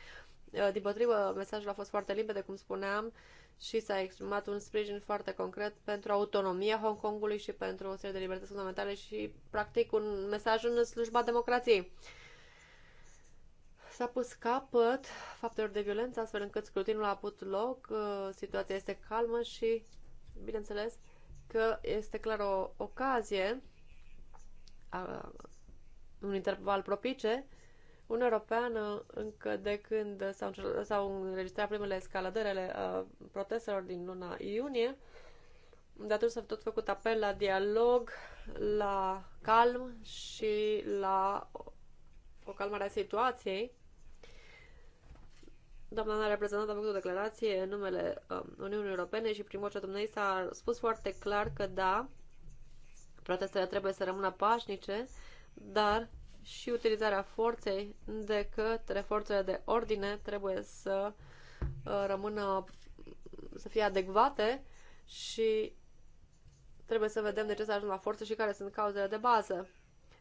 Uh, din potrivă, mesajul a fost foarte limpede, cum spuneam, și s-a exprimat un sprijin foarte concret pentru autonomia Hong Kongului și pentru o serie de libertăți fundamentale și, practic, un mesaj în slujba democrației. S-a pus capăt faptelor de violență, astfel încât scrutinul a avut loc, uh, situația este calmă și, bineînțeles, că este clar o ocazie, a, un interval propice, un european, uh, încă de când s-au, s-au înregistrat primele escaladări ale uh, protestelor din luna iunie, de atunci s-a tot făcut apel la dialog, la calm și la o calmare a situației. Doamna reprezentantă a făcut o declarație în numele um, Uniunii Europene și primorcea dumneavoastră a spus foarte clar că da, protestele trebuie să rămână pașnice, dar și utilizarea forței de către forțele de ordine trebuie să uh, rămână, să fie adecvate și trebuie să vedem de ce s-a ajuns la forță și care sunt cauzele de bază.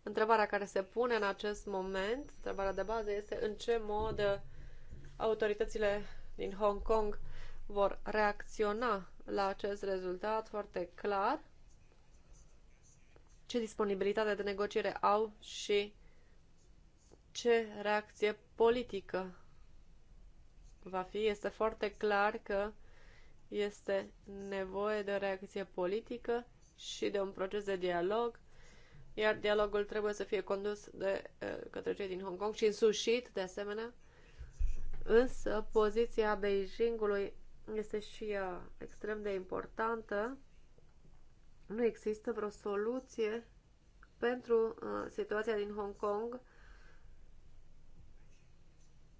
Întrebarea care se pune în acest moment, întrebarea de bază, este în ce mod autoritățile din Hong Kong vor reacționa la acest rezultat foarte clar, ce disponibilitate de negociere au și ce reacție politică va fi. Este foarte clar că este nevoie de o reacție politică și de un proces de dialog, iar dialogul trebuie să fie condus de eh, către cei din Hong Kong și însușit, de asemenea, Însă, poziția Beijingului este și ea extrem de importantă. Nu există vreo soluție pentru uh, situația din Hong Kong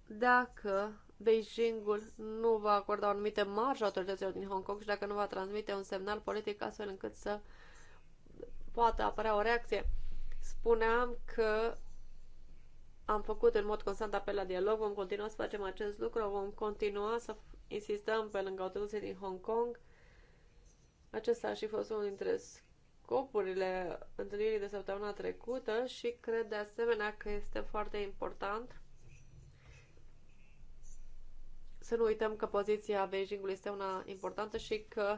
dacă Beijingul nu va acorda o anumită marjă autorităților din Hong Kong și dacă nu va transmite un semnal politic astfel încât să poată apărea o reacție. Spuneam că am făcut în mod constant apel la dialog, vom continua să facem acest lucru, vom continua să insistăm pe lângă autoritățile din Hong Kong. Acesta a și fost unul dintre scopurile întâlnirii de săptămâna trecută și cred de asemenea că este foarte important să nu uităm că poziția Beijingului este una importantă și că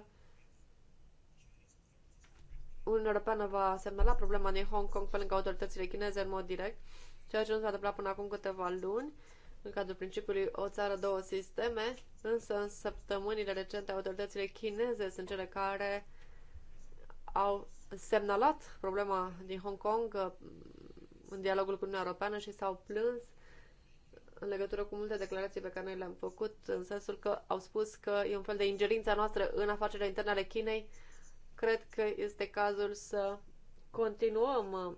Uniunea Europeană va semnala problema din Hong Kong pe lângă autoritățile chineze în mod direct ceea ce nu s-a întâmplat până acum câteva luni, în cadrul principiului o țară, două sisteme, însă în săptămânile recente autoritățile chineze sunt cele care au semnalat problema din Hong Kong uh, în dialogul cu Uniunea Europeană și s-au plâns în legătură cu multe declarații pe care noi le-am făcut, în sensul că au spus că e un fel de ingerință noastră în afacerile interne ale Chinei. Cred că este cazul să continuăm uh,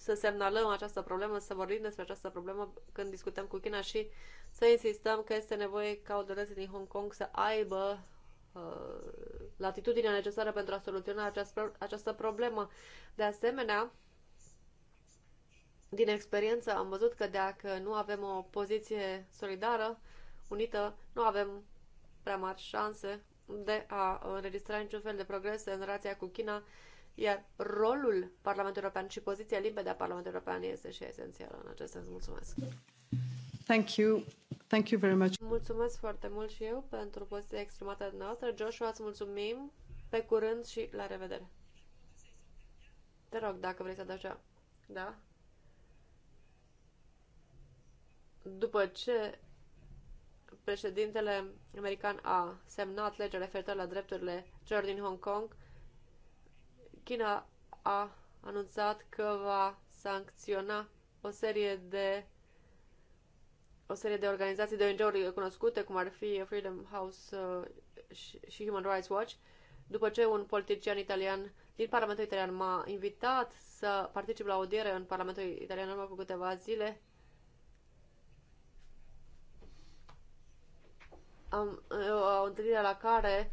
să semnalăm această problemă, să vorbim despre această problemă când discutăm cu China și să insistăm că este nevoie ca autoritățile din Hong Kong să aibă uh, latitudinea necesară pentru a soluționa această, această problemă. De asemenea, din experiență am văzut că dacă nu avem o poziție solidară, unită, nu avem prea mari șanse de a înregistra niciun fel de progrese în relația cu China iar rolul Parlamentului European și poziția limpede a Parlamentului European este și esențială în acest sens. Mulțumesc! Thank you. Thank you very much. Mulțumesc foarte mult și eu pentru poziția exprimată de noastră. Joshua, îți mulțumim. Pe curând și la revedere. Te rog, dacă vrei să dai așa. Da? După ce președintele american a semnat legea referitoare la drepturile celor din Hong Kong, China a anunțat că va sancționa o serie de o serie de organizații de ONG-uri cunoscute, cum ar fi Freedom House uh, și Human Rights Watch, după ce un politician italian din Parlamentul Italian m-a invitat să particip la audiere în Parlamentul Italian în urmă cu câteva zile, am uh, o întâlnire la care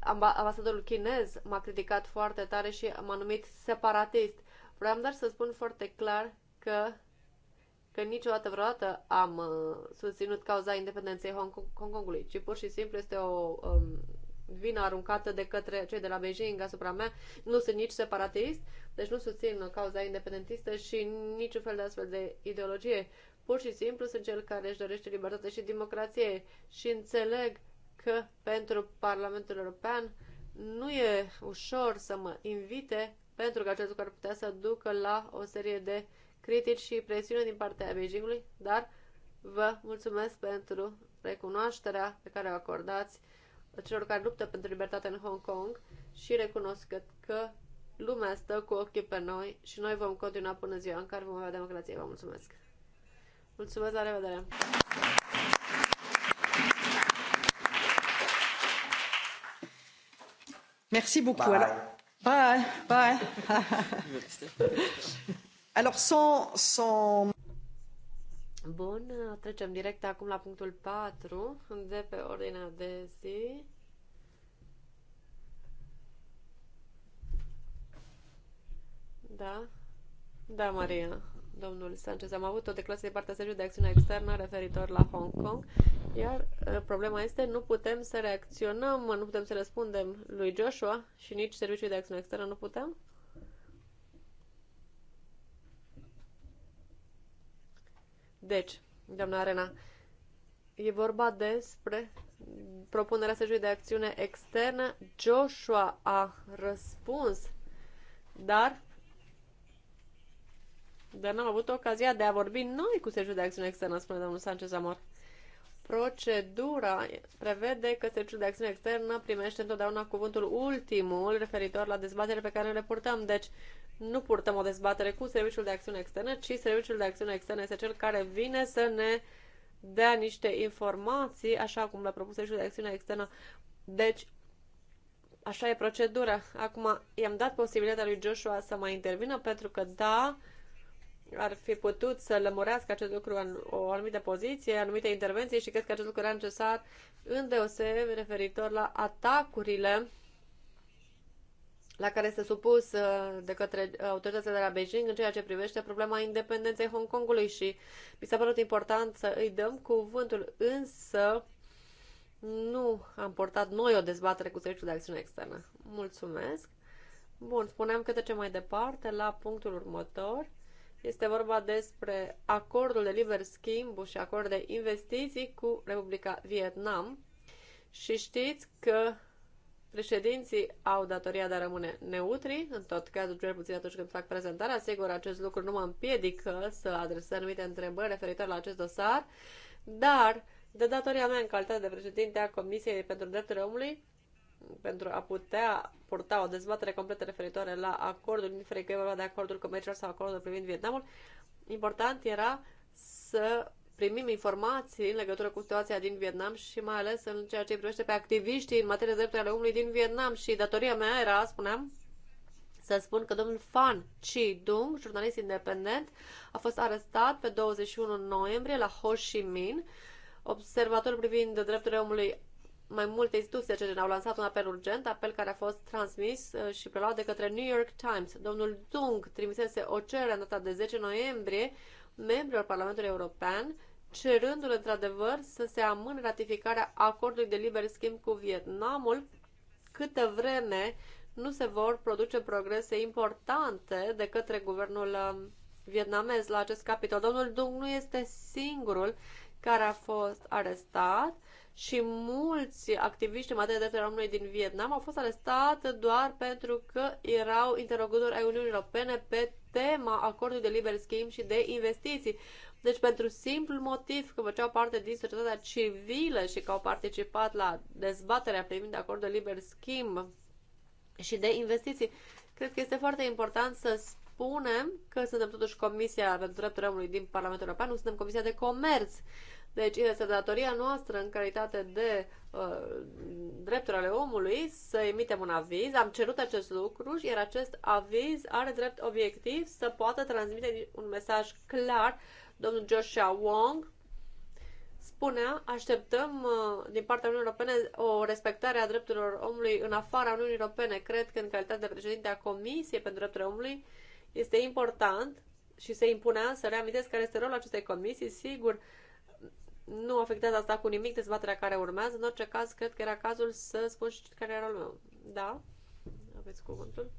ambasadorul chinez m-a criticat foarte tare și m-a numit separatist. Vreau doar să spun foarte clar că că niciodată vreodată am uh, susținut cauza independenței Hong, Kong, Hong Kongului, ci pur și simplu este o um, vină aruncată de către cei de la Beijing asupra mea. Nu sunt nici separatist, deci nu susțin cauza independentistă și niciun fel de astfel de ideologie. Pur și simplu sunt cel care își dorește libertate și democrație și înțeleg că pentru Parlamentul European nu e ușor să mă invite, pentru că acest lucru ar putea să ducă la o serie de critici și presiune din partea Beijingului, dar vă mulțumesc pentru recunoașterea pe care o acordați celor care luptă pentru libertate în Hong Kong și recunosc că, lumea stă cu ochii pe noi și noi vom continua până ziua în care vom avea democrație. Vă mulțumesc! Mulțumesc, la revedere! Merci beaucoup. Bun, trecem direct acum la punctul 4 de pe ordinea de zi. Da? Da, Maria domnul Sanchez. Am avut o declarație de partea Serviciului de Acțiune Externă referitor la Hong Kong, iar uh, problema este nu putem să reacționăm, nu putem să răspundem lui Joshua și nici Serviciul de Acțiune Externă nu putem? Deci, doamna Arena, e vorba despre propunerea Serviciului de Acțiune Externă. Joshua a răspuns, dar dar n-am avut ocazia de a vorbi noi cu Serviciul de Acțiune Externă, spune domnul Sanchez Amor. Procedura prevede că Serviciul de Acțiune Externă primește întotdeauna cuvântul ultimul referitor la dezbatere pe care le purtăm. Deci, nu purtăm o dezbatere cu Serviciul de Acțiune Externă, ci Serviciul de Acțiune Externă este cel care vine să ne dea niște informații, așa cum l-a propus Serviciul de Acțiune Externă. Deci, așa e procedura. Acum, i-am dat posibilitatea lui Joshua să mai intervină, pentru că, da, ar fi putut să lămurească acest lucru în o anumită poziție, anumite intervenții și cred că acest lucru era necesar deoseb referitor la atacurile la care este supus uh, de către uh, autoritățile de la Beijing în ceea ce privește problema independenței Hong Kongului și mi s-a părut important să îi dăm cuvântul, însă nu am portat noi o dezbatere cu Serviciul de Acțiune Externă. Mulțumesc! Bun, spuneam că trecem mai departe la punctul următor este vorba despre acordul de liber schimb și acord de investiții cu Republica Vietnam. Și știți că Președinții au datoria de a rămâne neutri, în tot cazul cel puțin atunci când fac prezentarea. Sigur, acest lucru nu mă împiedică să adresez anumite întrebări referitor la acest dosar, dar de datoria mea în calitate de președinte a Comisiei pentru Drepturile Omului, pentru a putea purta o dezbatere completă referitoare la acordul, indiferent că e vorba de acordul comercial sau acordul privind Vietnamul, important era să primim informații în legătură cu situația din Vietnam și mai ales în ceea ce privește pe activiștii în materie de drepturi ale omului din Vietnam. Și datoria mea era, spuneam, să spun că domnul Fan Chi Dung, jurnalist independent, a fost arestat pe 21 noiembrie la Ho Chi Minh. Observator privind drepturile omului mai multe instituții de au lansat un apel urgent, apel care a fost transmis uh, și preluat de către New York Times. Domnul Dung trimisese o cerere în data de 10 noiembrie membrilor Parlamentului European cerându-le într-adevăr să se amâne ratificarea acordului de liber schimb cu Vietnamul câtă vreme nu se vor produce progrese importante de către guvernul um, vietnamez la acest capitol. Domnul Dung nu este singurul care a fost arestat și mulți activiști în materie de drepturile omului din Vietnam au fost arestați doar pentru că erau interogători ai Uniunii Europene pe tema acordului de liber schimb și de investiții. Deci pentru simplul motiv că făceau parte din societatea civilă și că au participat la dezbaterea privind acordul de liber schimb și de investiții, cred că este foarte important să spunem că suntem totuși Comisia pentru Drepturile Omului din Parlamentul European, nu suntem Comisia de Comerț. Deci este datoria noastră în calitate de uh, drepturi ale omului să emitem un aviz. Am cerut acest lucru și iar acest aviz are drept obiectiv să poată transmite un mesaj clar. Domnul Joshua Wong spunea, așteptăm uh, din partea Uniunii Europene o respectare a drepturilor omului în afara Uniunii Europene. Cred că în calitate de președinte a Comisiei pentru Drepturile Omului este important și se impunea să reamintesc care este rolul acestei comisii. Sigur, nu afectează asta cu nimic dezbaterea care urmează. În orice caz, cred că era cazul să spun și care era rolul meu. Da? Aveți cuvântul?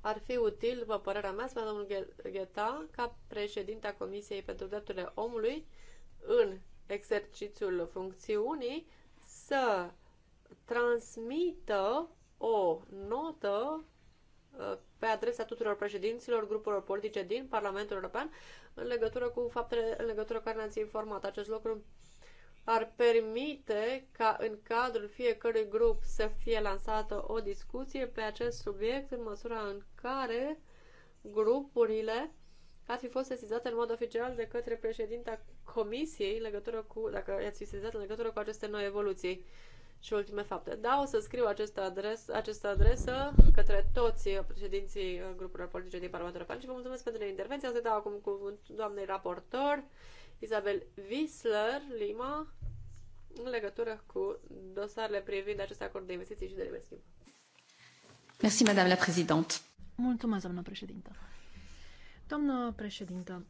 Ar fi util, vă părerea mea, spune domnul Gheta, ca președinte Comisiei pentru Drepturile Omului, în exercițiul funcțiunii, să transmită o notă pe adresa tuturor președinților grupurilor politice din Parlamentul European în legătură cu faptele în legătură cu care ne-ați informat. Acest lucru ar permite ca în cadrul fiecărui grup să fie lansată o discuție pe acest subiect în măsura în care grupurile ar fi fost sesizate în mod oficial de către președinta comisiei în legătură cu, dacă i-ați fi sesizat în legătură cu aceste noi evoluții și ultime fapte. Da, o să scriu această adres, această adresă către toți președinții uh, grupurilor politice din Parlamentul European și vă mulțumesc pentru intervenția. Să dau acum cu doamnei raportor Isabel Wisler Lima în legătură cu dosarele privind acest acord de investiții și de liber schimb. Mersi, Madame la Présidente. Mulțumesc, doamnă președintă. Doamnă președintă,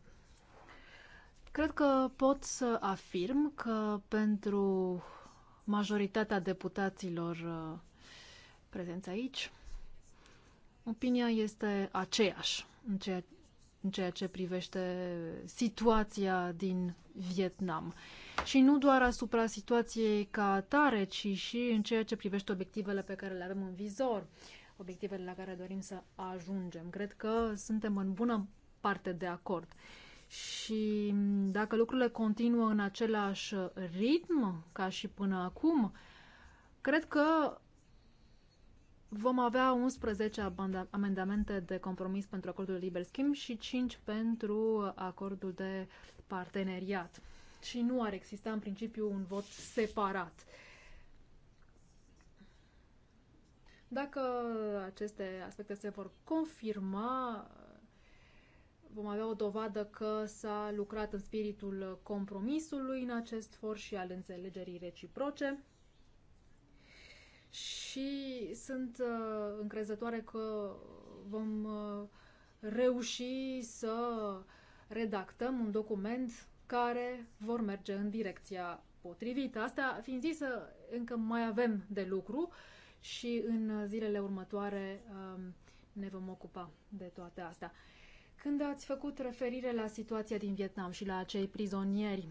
cred că pot să afirm că pentru majoritatea deputaților uh, prezenți aici, opinia este aceeași în ceea, în ceea ce privește situația din Vietnam. Și nu doar asupra situației ca atare, ci și în ceea ce privește obiectivele pe care le avem în vizor, obiectivele la care dorim să ajungem. Cred că suntem în bună parte de acord. Uh, și dacă lucrurile continuă în același ritm ca și până acum, cred că vom avea 11 amendamente de compromis pentru acordul de liber schimb și 5 pentru acordul de parteneriat. Și nu ar exista în principiu un vot separat. Dacă aceste aspecte se vor confirma, vom avea o dovadă că s-a lucrat în spiritul compromisului în acest for și al înțelegerii reciproce. Și sunt uh, încrezătoare că vom uh, reuși să redactăm un document care vor merge în direcția potrivită. Asta fiind zis, încă mai avem de lucru și în zilele următoare um, ne vom ocupa de toate astea. Când ați făcut referire la situația din Vietnam și la acei prizonieri,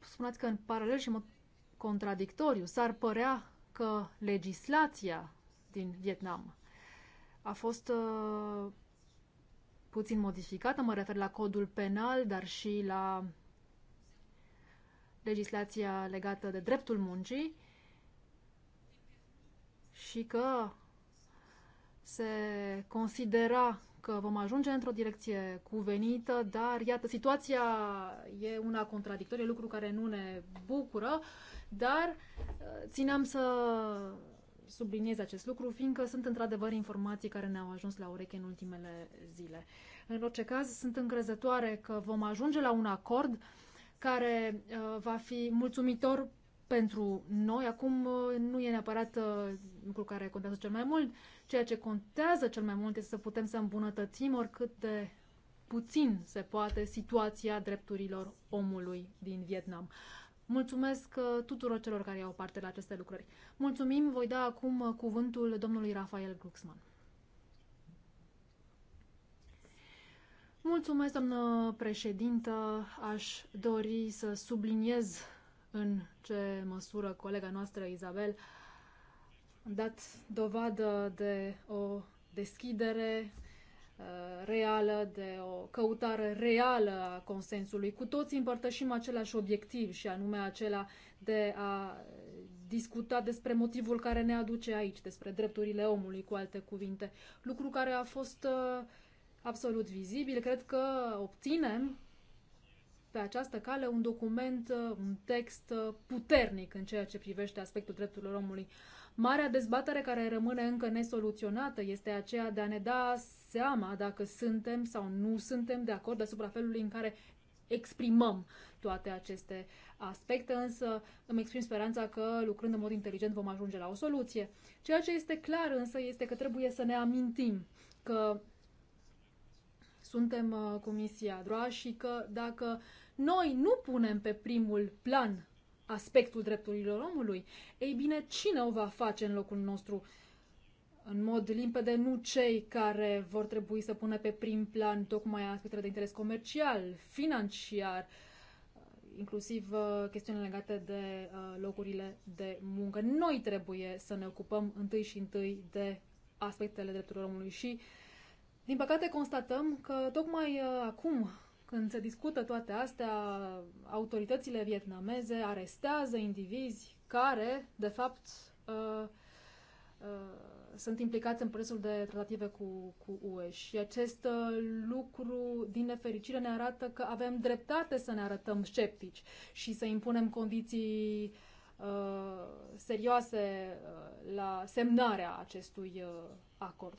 spuneți că în paralel și în mod contradictoriu s-ar părea că legislația din Vietnam a fost uh, puțin modificată, mă refer la codul penal, dar și la legislația legată de dreptul muncii și că se considera că vom ajunge într-o direcție cuvenită, dar iată, situația e una contradictorie, lucru care nu ne bucură, dar uh, țineam să subliniez acest lucru, fiindcă sunt într-adevăr informații care ne-au ajuns la ureche în ultimele zile. În orice caz, sunt încrezătoare că vom ajunge la un acord care uh, va fi mulțumitor pentru noi. Acum uh, nu e neapărat lucru care contează cel mai mult, Ceea ce contează cel mai mult este să putem să îmbunătățim oricât de puțin se poate situația drepturilor omului din Vietnam. Mulțumesc uh, tuturor celor care au parte la aceste lucrări. Mulțumim, voi da acum uh, cuvântul domnului Rafael Glucksmann. Mulțumesc, doamnă președintă. Aș dori să subliniez în ce măsură colega noastră, Izabel, am dat dovadă de o deschidere uh, reală, de o căutare reală a consensului. Cu toți împărtășim același obiectiv și anume acela de a discuta despre motivul care ne aduce aici, despre drepturile omului, cu alte cuvinte. Lucru care a fost uh, absolut vizibil. Cred că obținem pe această cale un document, uh, un text puternic în ceea ce privește aspectul drepturilor omului. Marea dezbatere care rămâne încă nesoluționată este aceea de a ne da seama dacă suntem sau nu suntem de acord asupra felului în care exprimăm toate aceste aspecte, însă îmi exprim speranța că lucrând în mod inteligent vom ajunge la o soluție. Ceea ce este clar însă este că trebuie să ne amintim că suntem uh, Comisia DROA și că dacă noi nu punem pe primul plan aspectul drepturilor omului, ei bine, cine o va face în locul nostru? În mod limpede, nu cei care vor trebui să pună pe prim plan tocmai aspectele de interes comercial, financiar, inclusiv uh, chestiuni legate de uh, locurile de muncă. Noi trebuie să ne ocupăm întâi și întâi de aspectele drepturilor omului și, din păcate, constatăm că tocmai uh, acum când se discută toate astea, autoritățile vietnameze arestează indivizi care, de fapt, uh, uh sunt implicați în procesul de tratative cu, cu UE și acest uh, lucru, din nefericire, ne arată că avem dreptate să ne arătăm sceptici și să impunem condiții uh, serioase uh, la semnarea acestui uh, acord.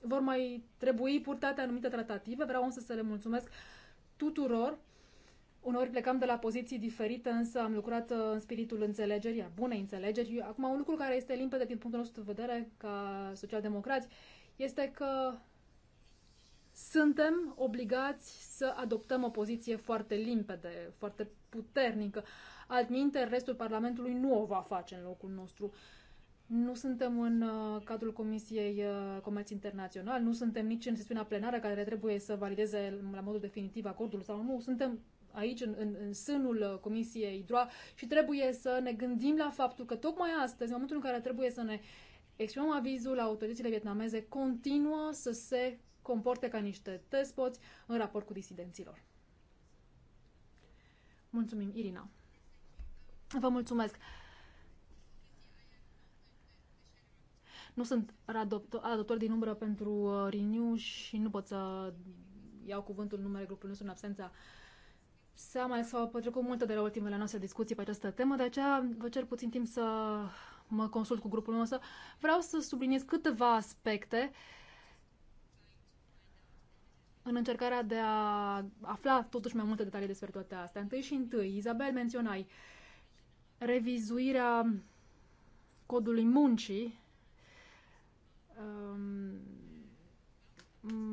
Vor mai trebui purtate anumite tratative, vreau însă să le mulțumesc tuturor. Uneori plecam de la poziții diferite, însă am lucrat uh, în spiritul înțelegerii, a bunei înțelegeri. Acum, un lucru care este limpede din punctul nostru de vedere ca socialdemocrați este că suntem obligați să adoptăm o poziție foarte limpede, foarte puternică. Altminte, restul Parlamentului nu o va face în locul nostru. Uh, nu suntem în uh, cadrul Comisiei uh, Comerț Internațional, nu suntem nici în sesiunea plenară care trebuie să valideze la modul definitiv acordul sau nu. Suntem aici, în, în, în sânul uh, Comisiei DROA și trebuie să ne gândim la faptul că tocmai astăzi, în momentul în care trebuie să ne exprimăm avizul, autoritățile vietnameze continuă să se comporte ca niște despoți în raport cu disidenților. Mulțumim, Irina. Vă mulțumesc. Nu sunt adoptor din umbră pentru uh, Renew și nu pot să iau cuvântul numele grupului nostru în absența S-a mai s-au petrecut multe de la ultimele noastre discuții pe această temă, de aceea vă cer puțin timp să mă consult cu grupul nostru. Vreau să subliniez câteva aspecte în încercarea de a afla totuși mai multe detalii despre toate astea. Întâi și întâi, Izabel, menționai revizuirea codului muncii Um,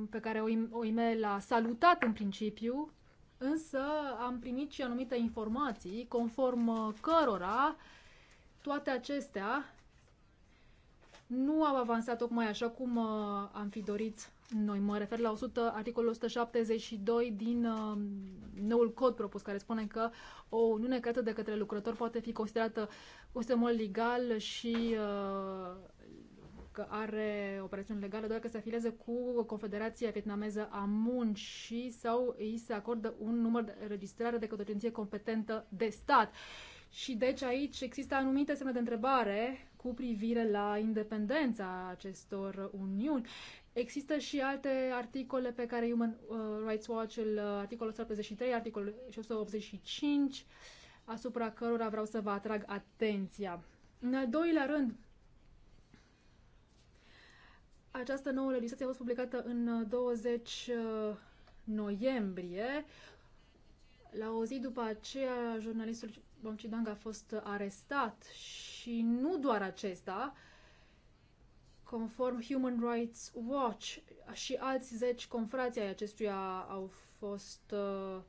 pe care o l-a salutat în principiu, însă am primit și anumite informații conform uh, cărora toate acestea nu au avansat tocmai așa cum uh, am fi dorit noi. Mă refer la 100, articolul 172 din uh, noul cod propus, care spune că o uniune creată de către lucrător poate fi considerată cu semnul legal și uh, că are operațiuni legale doar că se afiliază cu Confederația Vietnameză a Muncii sau îi se acordă un număr de registrare de către agenție competentă de stat. Și deci aici există anumite semne de întrebare cu privire la independența acestor uniuni. Există și alte articole pe care Human uh, Rights Watch, uh, articolul 183, articolul 185, asupra cărora vreau să vă atrag atenția. În al doilea rând, această nouă legislație a fost publicată în 20 uh, uh, noiembrie. La o zi după aceea, jurnalistul Bongcidang a fost arestat și nu doar acesta, conform Human Rights Watch și alți 10 confrații ai acestuia au fost uh,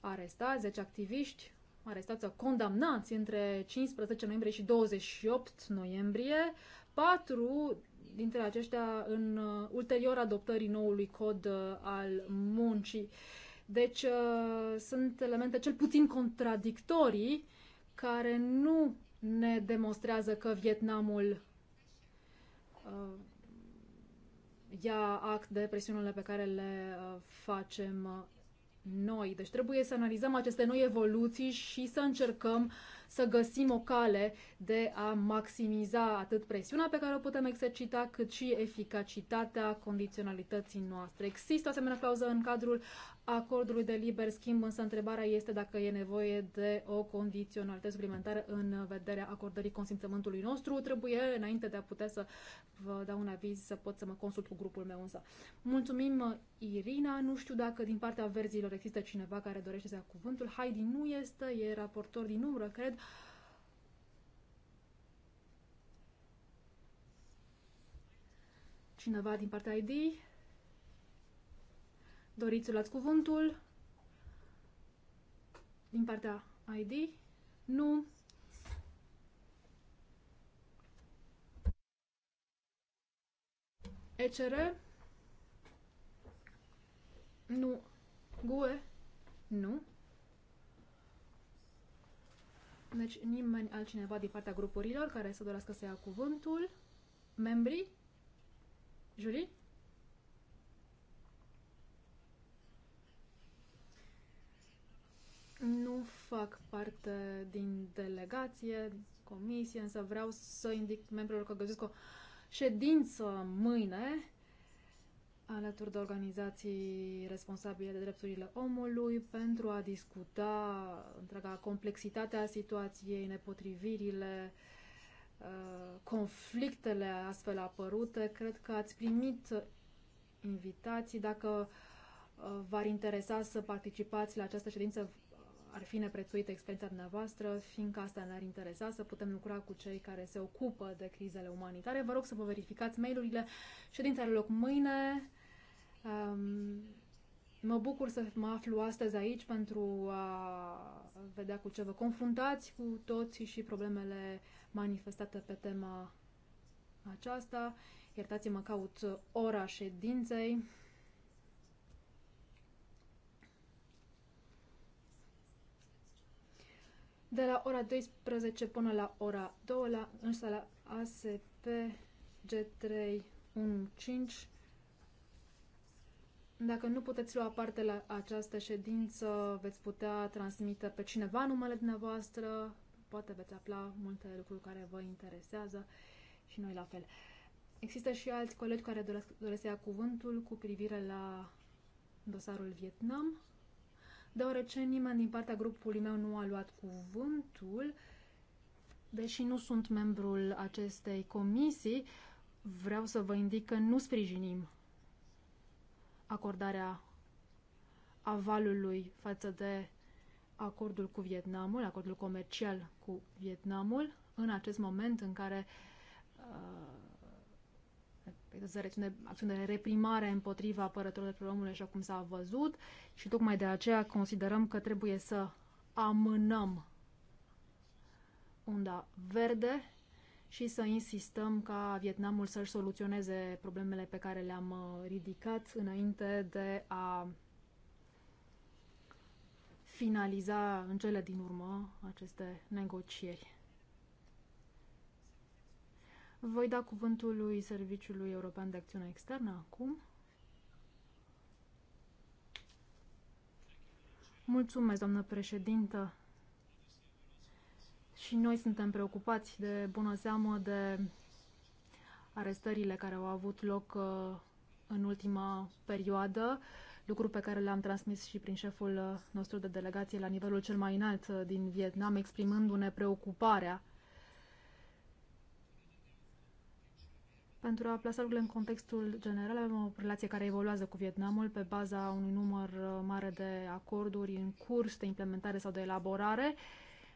arestați, 10 activiști arestați sau condamnați între 15 noiembrie și 28 noiembrie. Patru dintre aceștia în uh, ulterior adoptării noului cod uh, al muncii. Deci uh, sunt elemente cel puțin contradictorii care nu ne demonstrează că Vietnamul ia act de presiunile pe care le facem noi. Deci trebuie să analizăm aceste noi evoluții și să încercăm să găsim o cale de a maximiza atât presiunea pe care o putem exercita, cât și eficacitatea condiționalității noastre. Există o asemenea clauză în cadrul acordului de liber schimb, însă întrebarea este dacă e nevoie de o condiționalitate suplimentară în vederea acordării consimțământului nostru. Trebuie, înainte de a putea să vă dau un aviz, să pot să mă consult cu grupul meu însă. Mulțumim, Irina. Nu știu dacă din partea verzilor există cineva care dorește să ia cuvântul. Heidi nu este, e raportor din umbră, cred. Cineva din partea ID? Doriți să luați cuvântul? Din partea ID? Nu. ECR? Nu. GUE? Nu. Deci nimeni altcineva din partea grupurilor care să dorească să ia cuvântul? Membrii? Julie, Nu fac parte din delegație, comisie, însă vreau să indic membrilor că găsesc o ședință mâine alături de organizații responsabile de drepturile omului pentru a discuta întreaga complexitate a situației, nepotrivirile, uh, conflictele astfel apărute. Cred că ați primit invitații. Dacă uh, v-ar interesa să participați la această ședință, ar fi neprețuită experiența dumneavoastră, fiindcă asta ne-ar interesa să putem lucra cu cei care se ocupă de crizele umanitare. Vă rog să vă verificați mailurile. Ședința are loc mâine mă bucur să mă aflu astăzi aici pentru a vedea cu ce vă confruntați cu toții și problemele manifestate pe tema aceasta. Iertați-mă, caut ora ședinței. de la ora 12 până la ora 2, la, în sala ASP G315 dacă nu puteți lua parte la această ședință, veți putea transmite pe cineva numele dumneavoastră, poate veți afla multe lucruri care vă interesează și noi la fel. Există și alți colegi care doresc, doresc să ia cuvântul cu privire la dosarul Vietnam. Deoarece nimeni din partea grupului meu nu a luat cuvântul, deși nu sunt membrul acestei comisii, vreau să vă indic că nu sprijinim acordarea avalului față de acordul cu Vietnamul, acordul comercial cu Vietnamul, în acest moment în care uh, păi, acțiune de reprimare împotriva apărătorilor omului, așa cum s-a văzut, și tocmai de aceea considerăm că trebuie să amânăm unda verde și să insistăm ca Vietnamul să-și soluționeze problemele pe care le-am uh, ridicat înainte de a finaliza în cele din urmă aceste negocieri. Voi da cuvântul lui Serviciului European de Acțiune Externă acum. Mulțumesc, doamnă președintă. Și noi suntem preocupați de bună seamă de arestările care au avut loc uh, în ultima perioadă, lucru pe care le-am transmis și prin șeful uh, nostru de delegație la nivelul cel mai înalt uh, din Vietnam, exprimându-ne preocuparea Pentru a plasa lucrurile în contextul general, avem o relație care evoluează cu Vietnamul pe baza unui număr mare de acorduri în curs de implementare sau de elaborare. Uh,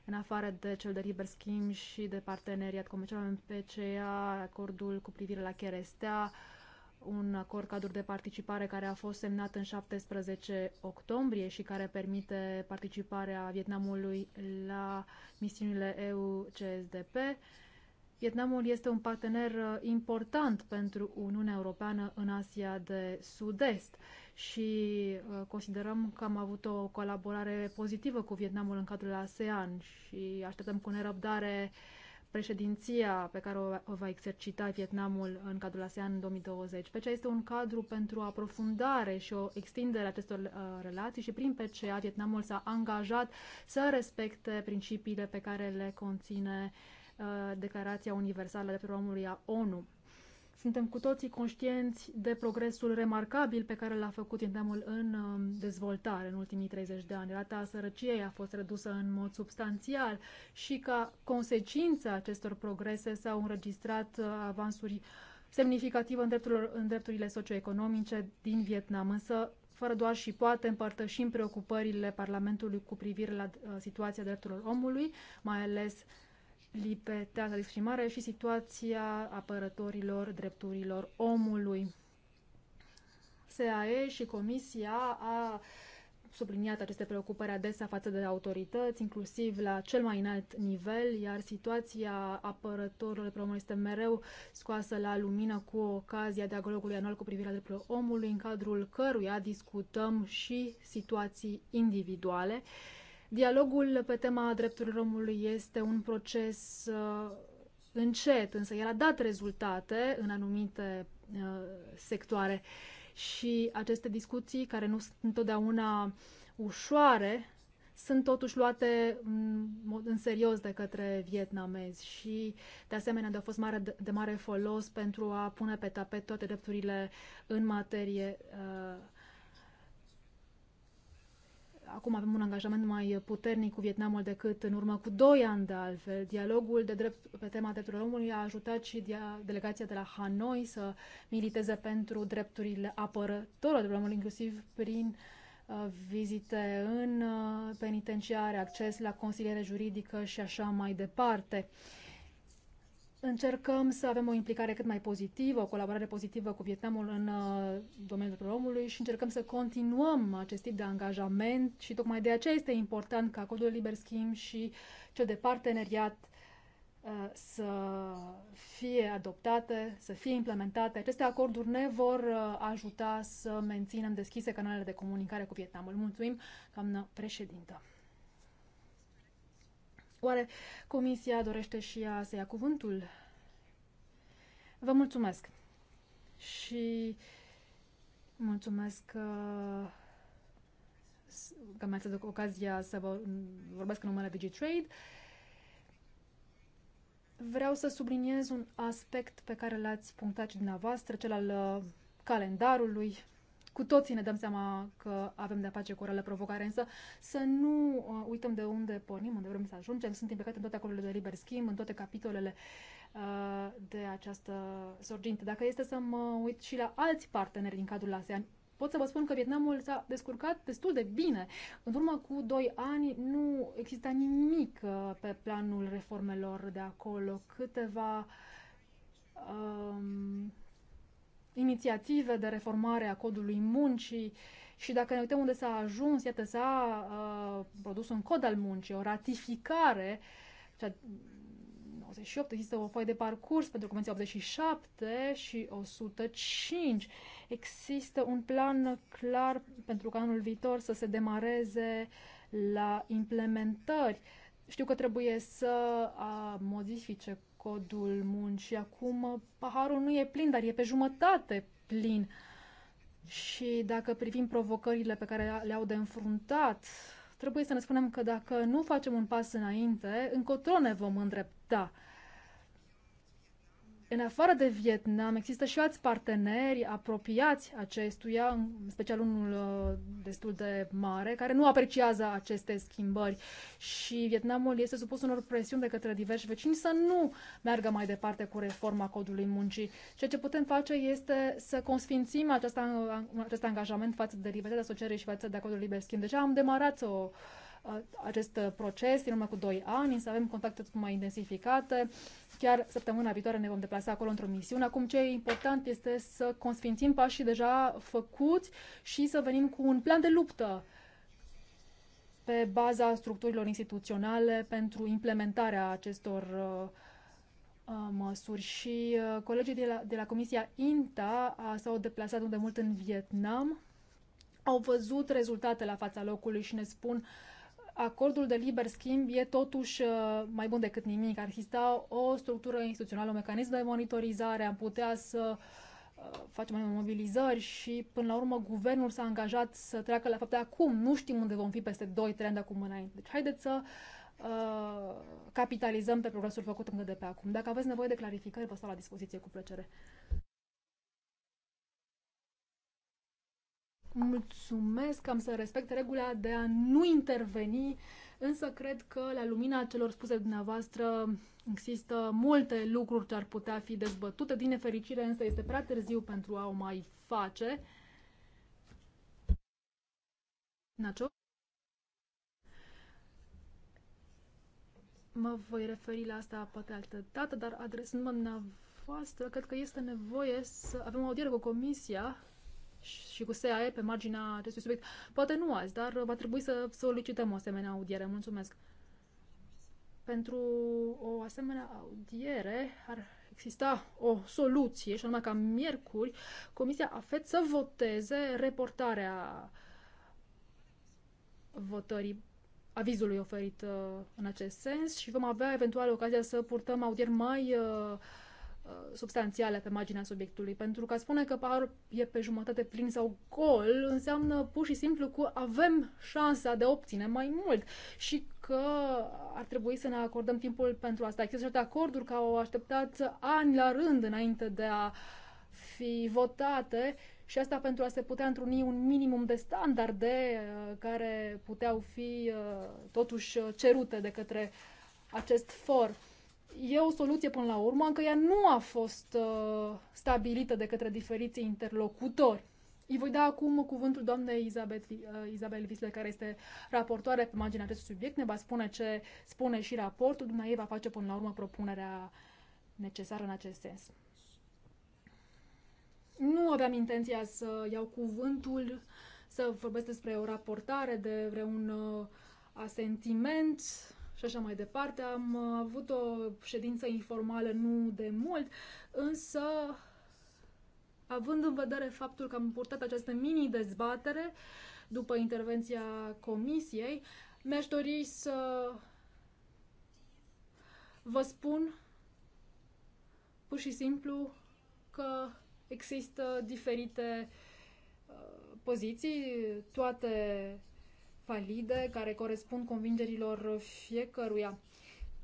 în afară de cel de liber schimb și de parteneriat comercial în PCA, acordul cu privire la cherestea, un acord cadru de participare care a fost semnat în 17 octombrie și care permite participarea Vietnamului la misiunile EU-CSDP Vietnamul este un partener uh, important pentru Uniunea Europeană în Asia de Sud-Est și uh, considerăm că am avut o colaborare pozitivă cu Vietnamul în cadrul ASEAN și așteptăm cu nerăbdare președinția pe care o va exercita Vietnamul în cadrul ASEAN în 2020. PCA deci este un cadru pentru aprofundare și o extindere a acestor uh, relații și prin PCA Vietnamul s-a angajat să respecte principiile pe care le conține uh, Uh, Declarația Universală a Drepturilor Omului a ONU. Suntem cu toții conștienți de progresul remarcabil pe care l-a făcut Vietnamul în um, dezvoltare în ultimii 30 de ani. Rata sărăciei a fost redusă în mod substanțial și ca consecință acestor progrese s-au înregistrat uh, avansuri semnificative în, în drepturile socioeconomice din Vietnam, însă fără doar și poate împărtășim preocupările Parlamentului cu privire la uh, situația drepturilor omului, mai ales libertatea de exprimare și situația apărătorilor drepturilor omului. SAE și Comisia a subliniat aceste preocupări adesea față de autorități, inclusiv la cel mai înalt nivel, iar situația apărătorilor de omului este mereu scoasă la lumină cu ocazia dialogului anual cu privire la drepturile omului, în cadrul căruia discutăm și situații individuale. Uh, Dialogul pe tema drepturilor omului este un proces uh, încet, însă el a dat rezultate în anumite uh, sectoare și aceste discuții, care nu sunt întotdeauna ușoare, sunt totuși luate în serios de către vietnamezi și, de asemenea, de a fost mare, de mare folos pentru a pune pe tapet toate drepturile în materie uh, acum avem un angajament mai puternic cu Vietnamul decât în urmă cu doi ani de altfel. Dialogul de drept, pe tema drepturilor omului a ajutat și dia, delegația de la Hanoi să militeze pentru drepturile apărătorilor drepturilor omului, inclusiv prin uh, vizite în uh, penitenciare, acces la consiliere juridică și așa mai departe. Uh, Încercăm să avem o implicare cât mai pozitivă, o colaborare pozitivă cu Vietnamul în uh, domeniul omului și încercăm să continuăm acest tip de angajament și tocmai de aceea este important ca codul de liber schimb și cel de parteneriat uh, să fie adoptate, să fie implementate. Aceste acorduri ne vor uh, ajuta să menținem deschise canalele de comunicare cu Vietnamul. Mulțumim, doamnă președintă! Oare Comisia dorește și ea să ia cuvântul? Vă mulțumesc și mulțumesc că, uh, că mi-ați dat ocazia să vă vorbesc în numele DigiTrade. Vreau să subliniez un aspect pe care l-ați punctat și dumneavoastră, cel al uh, calendarului cu toții ne dăm seama că avem de-a face cu o reală provocare, însă să nu uh, uităm de unde pornim, unde vrem să ajungem. Sunt implicate în toate acolo de liber schimb, în toate capitolele uh, de această sorginte. Dacă este să mă uit și la alți parteneri din cadrul ASEAN, pot să vă spun că Vietnamul s-a descurcat destul de bine. În urmă cu doi ani nu exista nimic uh, pe planul reformelor de acolo. Câteva um, inițiative de reformare a codului muncii și dacă ne uităm unde s-a ajuns, iată, s-a uh, produs un cod al muncii, o ratificare, cea 98, există o foaie de parcurs pentru Convenția 87 și 105. Există un plan clar pentru ca anul viitor să se demareze la implementări. Știu că trebuie să uh, modifice codul muncii. Acum paharul nu e plin, dar e pe jumătate plin. Și dacă privim provocările pe care le-au de înfruntat, trebuie să ne spunem că dacă nu facem un pas înainte, încotro ne vom îndrepta. În afară de Vietnam, există și alți parteneri apropiați acestuia, în special unul uh, destul de mare, care nu apreciază aceste schimbări și Vietnamul este supus unor presiuni de către diversi vecini să nu meargă mai departe cu reforma codului muncii. Ceea ce putem face este să consfințim uh, acest angajament față de libertatea asociere și față de acordul liber schimb. Deja am demarat o uh, acest proces în urmă cu 2 ani, însă avem contacte tot mai intensificate. Chiar săptămâna viitoare ne vom deplasa acolo într-o misiune. Acum ce e important este să consfințim pașii deja făcuți și să venim cu un plan de luptă pe baza structurilor instituționale pentru implementarea acestor uh, uh, măsuri și uh, colegii de la, de la Comisia INTA s-au deplasat unde mult în Vietnam, au văzut rezultate la fața locului și ne spun uh, acordul de liber schimb e totuși uh, mai bun decât nimic. Ar exista o structură instituțională, un mecanism de monitorizare, am putea să uh, facem mai mobilizări și, până la urmă, guvernul s-a angajat să treacă la fapte acum. Nu știm unde vom fi peste 2-3 ani de acum înainte. Deci, haideți să uh, capitalizăm pe progresul făcut încă de pe acum. Dacă aveți nevoie de clarificări, vă stau la dispoziție cu plăcere. Mulțumesc, am să respect regula de a nu interveni, însă cred că la lumina celor spuse dumneavoastră există multe lucruri ce ar putea fi dezbătute. Din nefericire, însă este prea târziu pentru a o mai face. Nacio? Mă voi referi la asta poate altă dată, dar adresându-mă dumneavoastră, cred că este nevoie să avem o audiere cu comisia și cu SAE pe marginea acestui subiect. Poate nu azi, dar va trebui să solicităm o asemenea audiere. Mulțumesc! Pentru o asemenea audiere ar exista o soluție, și anume ca miercuri, Comisia AFET să voteze reportarea votării avizului oferit uh, în acest sens și vom avea eventual ocazia să purtăm audieri mai uh, Uh, substanțiale pe marginea subiectului, pentru că spune că paharul e pe jumătate plin sau gol înseamnă pur și simplu că avem șansa de a obține mai mult și că ar trebui să ne acordăm timpul pentru asta. Există de acorduri că au așteptat ani la rând înainte de a fi votate și asta pentru a se putea întruni un minimum de standarde uh, care puteau fi uh, totuși cerute de către acest for e o soluție până la urmă, încă ea nu a fost uh, stabilită de către diferiți interlocutori. Îi voi da acum cuvântul doamnei Isabel, uh, Isabel Visle, care este raportoare pe marginea acestui subiect. Ne va spune ce spune și raportul. dumneavoastră va face până la urmă propunerea necesară în acest sens. Nu aveam intenția să iau cuvântul, să vorbesc despre o raportare, de vreun uh, asentiment și așa mai departe. Am uh, avut o ședință informală nu de mult, însă având în vedere faptul că am purtat această mini-dezbatere după intervenția comisiei, mi-aș dori să vă spun pur și simplu că există diferite uh, poziții, toate valide care corespund convingerilor fiecăruia.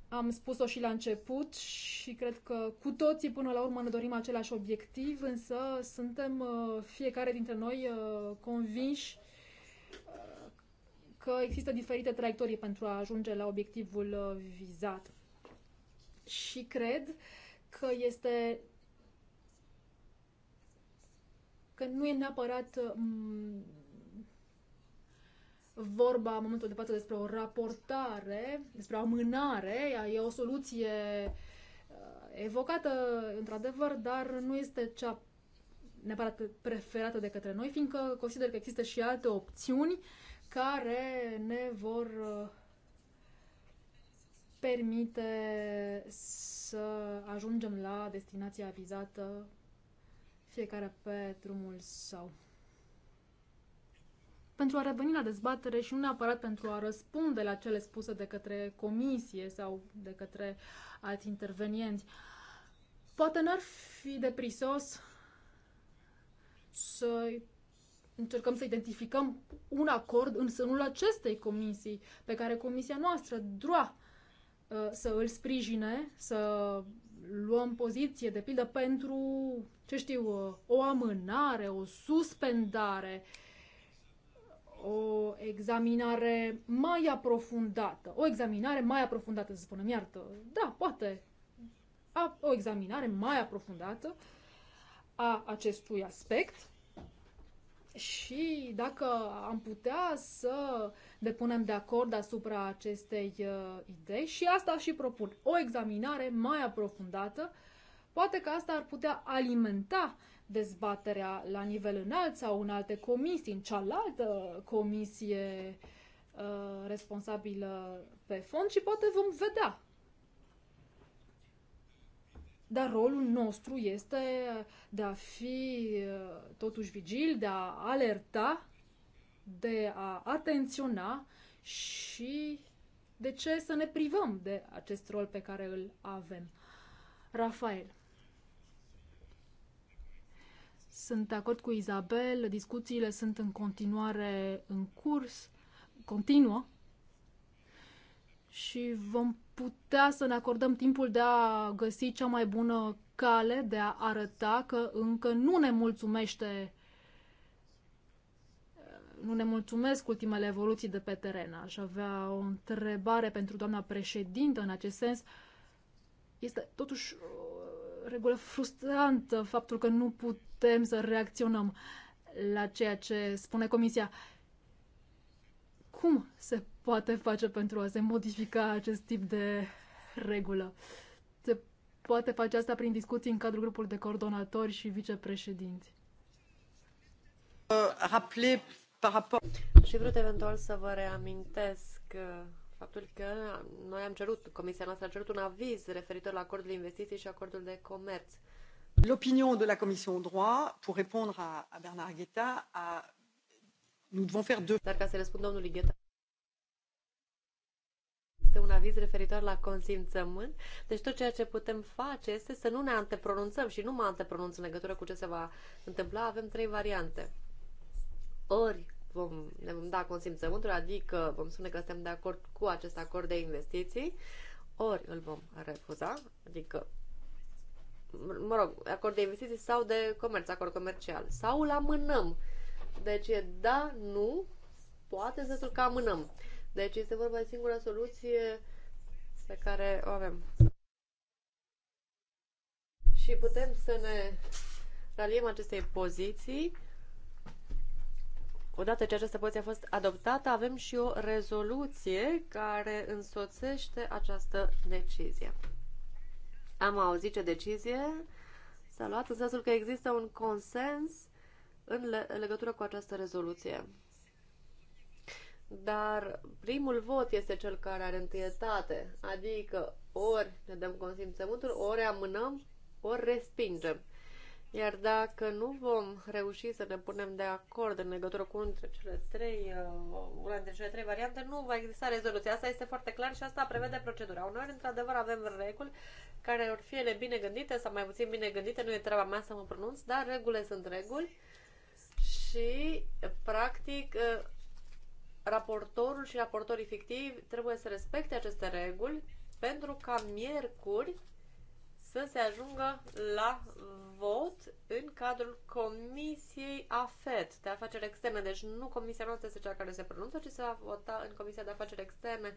Am spus-o și la început și cred că cu toții până la urmă ne dorim același obiectiv, însă suntem uh, fiecare dintre noi uh, convinși uh, că există diferite traiectorii pentru a ajunge la obiectivul vizat. Și cred că este că nu e neapărat vorba în momentul de față despre o raportare, despre o amânare, ea e o soluție uh, evocată într-adevăr, dar nu este cea neapărat preferată de către noi, fiindcă consider că există și alte opțiuni care ne vor uh, permite să ajungem la destinația vizată fiecare pe drumul său pentru a reveni la dezbatere și nu neapărat pentru a răspunde la cele spuse de către comisie sau de către alți intervenienți. Poate n-ar fi de prisos să încercăm să identificăm un acord în sânul acestei comisii, pe care comisia noastră, DROA, uh, să îl sprijine, să luăm poziție, de pildă, pentru, ce știu, uh, o amânare, o suspendare uh, o examinare mai aprofundată. O examinare mai aprofundată, să spunem, iartă. Da, poate. A, o examinare mai aprofundată a acestui aspect și dacă am putea să depunem de acord asupra acestei uh, idei și asta și propun, o examinare mai aprofundată, poate că asta ar putea alimenta dezbaterea la nivel înalt sau în alte comisii, în cealaltă comisie uh, responsabilă pe fond și poate vom vedea. Dar rolul nostru este de a fi uh, totuși vigil, de a alerta, de a atenționa și de ce să ne privăm de acest rol pe care îl avem. Rafael. Sunt de acord cu Izabel, discuțiile sunt în continuare în curs, continuă, și vom putea să ne acordăm timpul de a găsi cea mai bună cale de a arăta că încă nu ne mulțumește nu ne mulțumesc ultimele evoluții de pe teren. Aș avea o întrebare pentru doamna președintă în acest sens. Este totuși o regulă frustrantă faptul că nu put putem să reacționăm la ceea ce spune Comisia. Cum se poate face pentru a se modifica acest tip de regulă? Se poate face asta prin discuții în cadrul grupului de coordonatori și vicepreședinți. Uh, rappele par rapport... Și vreau eventual să vă reamintesc uh, faptul că noi am cerut, Comisia noastră a cerut un aviz referitor la acordul de investiții și acordul de comerț. L'opinion de la Commission droit, pour répondre à, à Bernard Guetta, a... nous devons faire deux. Dar ca să răspund domnului Guetta, este un aviz referitor la consimțământ, deci tot ceea ce putem face este să nu ne antepronunțăm și nu mă antepronunț în legătură cu ce se va întâmpla. Avem trei variante. Ori vom, ne vom da consimțământul, adică vom spune că suntem de acord cu acest acord de investiții, ori îl vom refuza, adică mă rog, acord de investiții sau de comerț, acord comercial. Sau îl amânăm. Deci e da, nu, poate în sensul că amânăm. Deci este vorba de singura soluție pe care o avem. Și putem să ne raliem acestei poziții. Odată ce această poziție a fost adoptată, avem și o rezoluție care însoțește această decizie am auzit ce decizie s-a luat, în sensul că există un consens în, le în legătură cu această rezoluție. Dar primul vot este cel care are întâietate, adică ori ne dăm consimțământul, ori amânăm, ori respingem. Iar dacă nu vom reuși să ne punem de acord în legătură cu între cele trei, uh, una dintre cele trei variante, nu va exista rezoluție. Asta este foarte clar și asta prevede procedura. Uneori, într-adevăr, avem reguli care or fie ele bine gândite sau mai puțin bine gândite, nu e treaba mea să mă pronunț, dar regulile sunt reguli și, practic, uh, raportorul și raportorii fictivi trebuie să respecte aceste reguli pentru ca miercuri să se ajungă la vot în cadrul Comisiei AFET de afaceri externe. Deci nu Comisia noastră este cea care se pronunță, ci se va vota în Comisia de afaceri externe.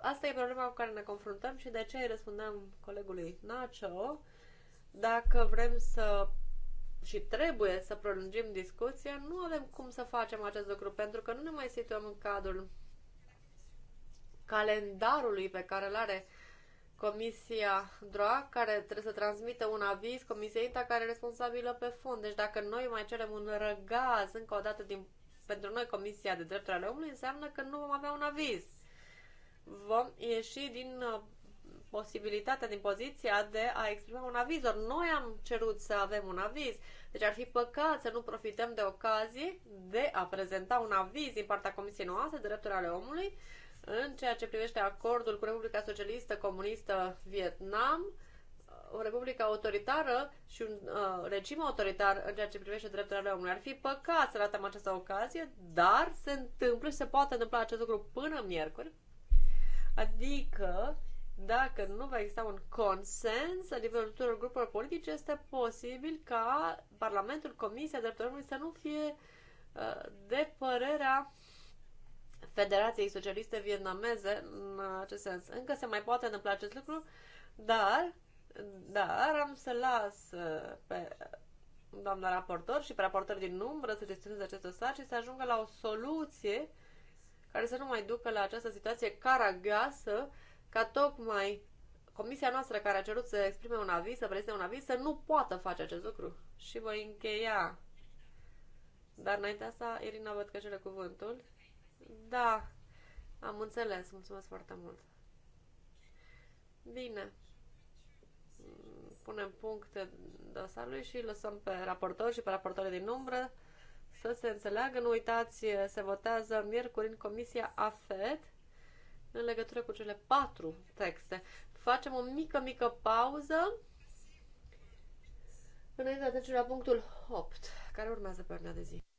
Asta e problema cu care ne confruntăm și de ce îi răspundeam colegului Nacho dacă vrem să și trebuie să prolungim discuția, nu avem cum să facem acest lucru, pentru că nu ne mai situăm în cadrul calendarului pe care îl are Comisia DRA, care trebuie să transmită un aviz, Comisia INTA, care e responsabilă pe fond. Deci dacă noi mai cerem un răgaz încă o dată din, pentru noi Comisia de Drepturi ale Omului, înseamnă că nu vom avea un aviz. Vom ieși din uh, posibilitatea, din poziția de a exprima un aviz. Or, noi am cerut să avem un aviz. Deci ar fi păcat să nu profităm de ocazie de a prezenta un aviz din partea Comisiei noastre de drepturi ale omului în ceea ce privește acordul cu Republica Socialistă Comunistă Vietnam, o republică autoritară și un uh, regim autoritar în ceea ce privește drepturile omului. Ar fi păcat să ratăm această ocazie, dar se întâmplă și se poate întâmpla acest lucru până miercuri. Adică, dacă nu va exista un consens la nivelul tuturor grupurilor politice, este posibil ca Parlamentul, Comisia Drepturilor Omului să nu fie uh, de părerea Federației Socialiste Vietnameze în acest sens. Încă se mai poate întâmpla acest lucru, dar, dar am să las uh, pe doamna raportor și pe raportor din umbră să gestioneze acest dosar și să ajungă la o soluție care să nu mai ducă la această situație caragasă ca tocmai comisia noastră care a cerut să exprime un aviz, să prezinte un aviz, să nu poată face acest lucru. Și voi încheia. Dar înaintea asta, Irina văd că cere cuvântul. Da, am înțeles. Mulțumesc foarte mult. Bine. Punem puncte dosarului și lăsăm pe raportor și pe raportorii din umbră să se înțeleagă. Nu uitați, se votează miercuri în Comisia AFET în legătură cu cele patru texte. Facem o mică, mică pauză înainte de la punctul 8, care urmează pe ordinea de zi.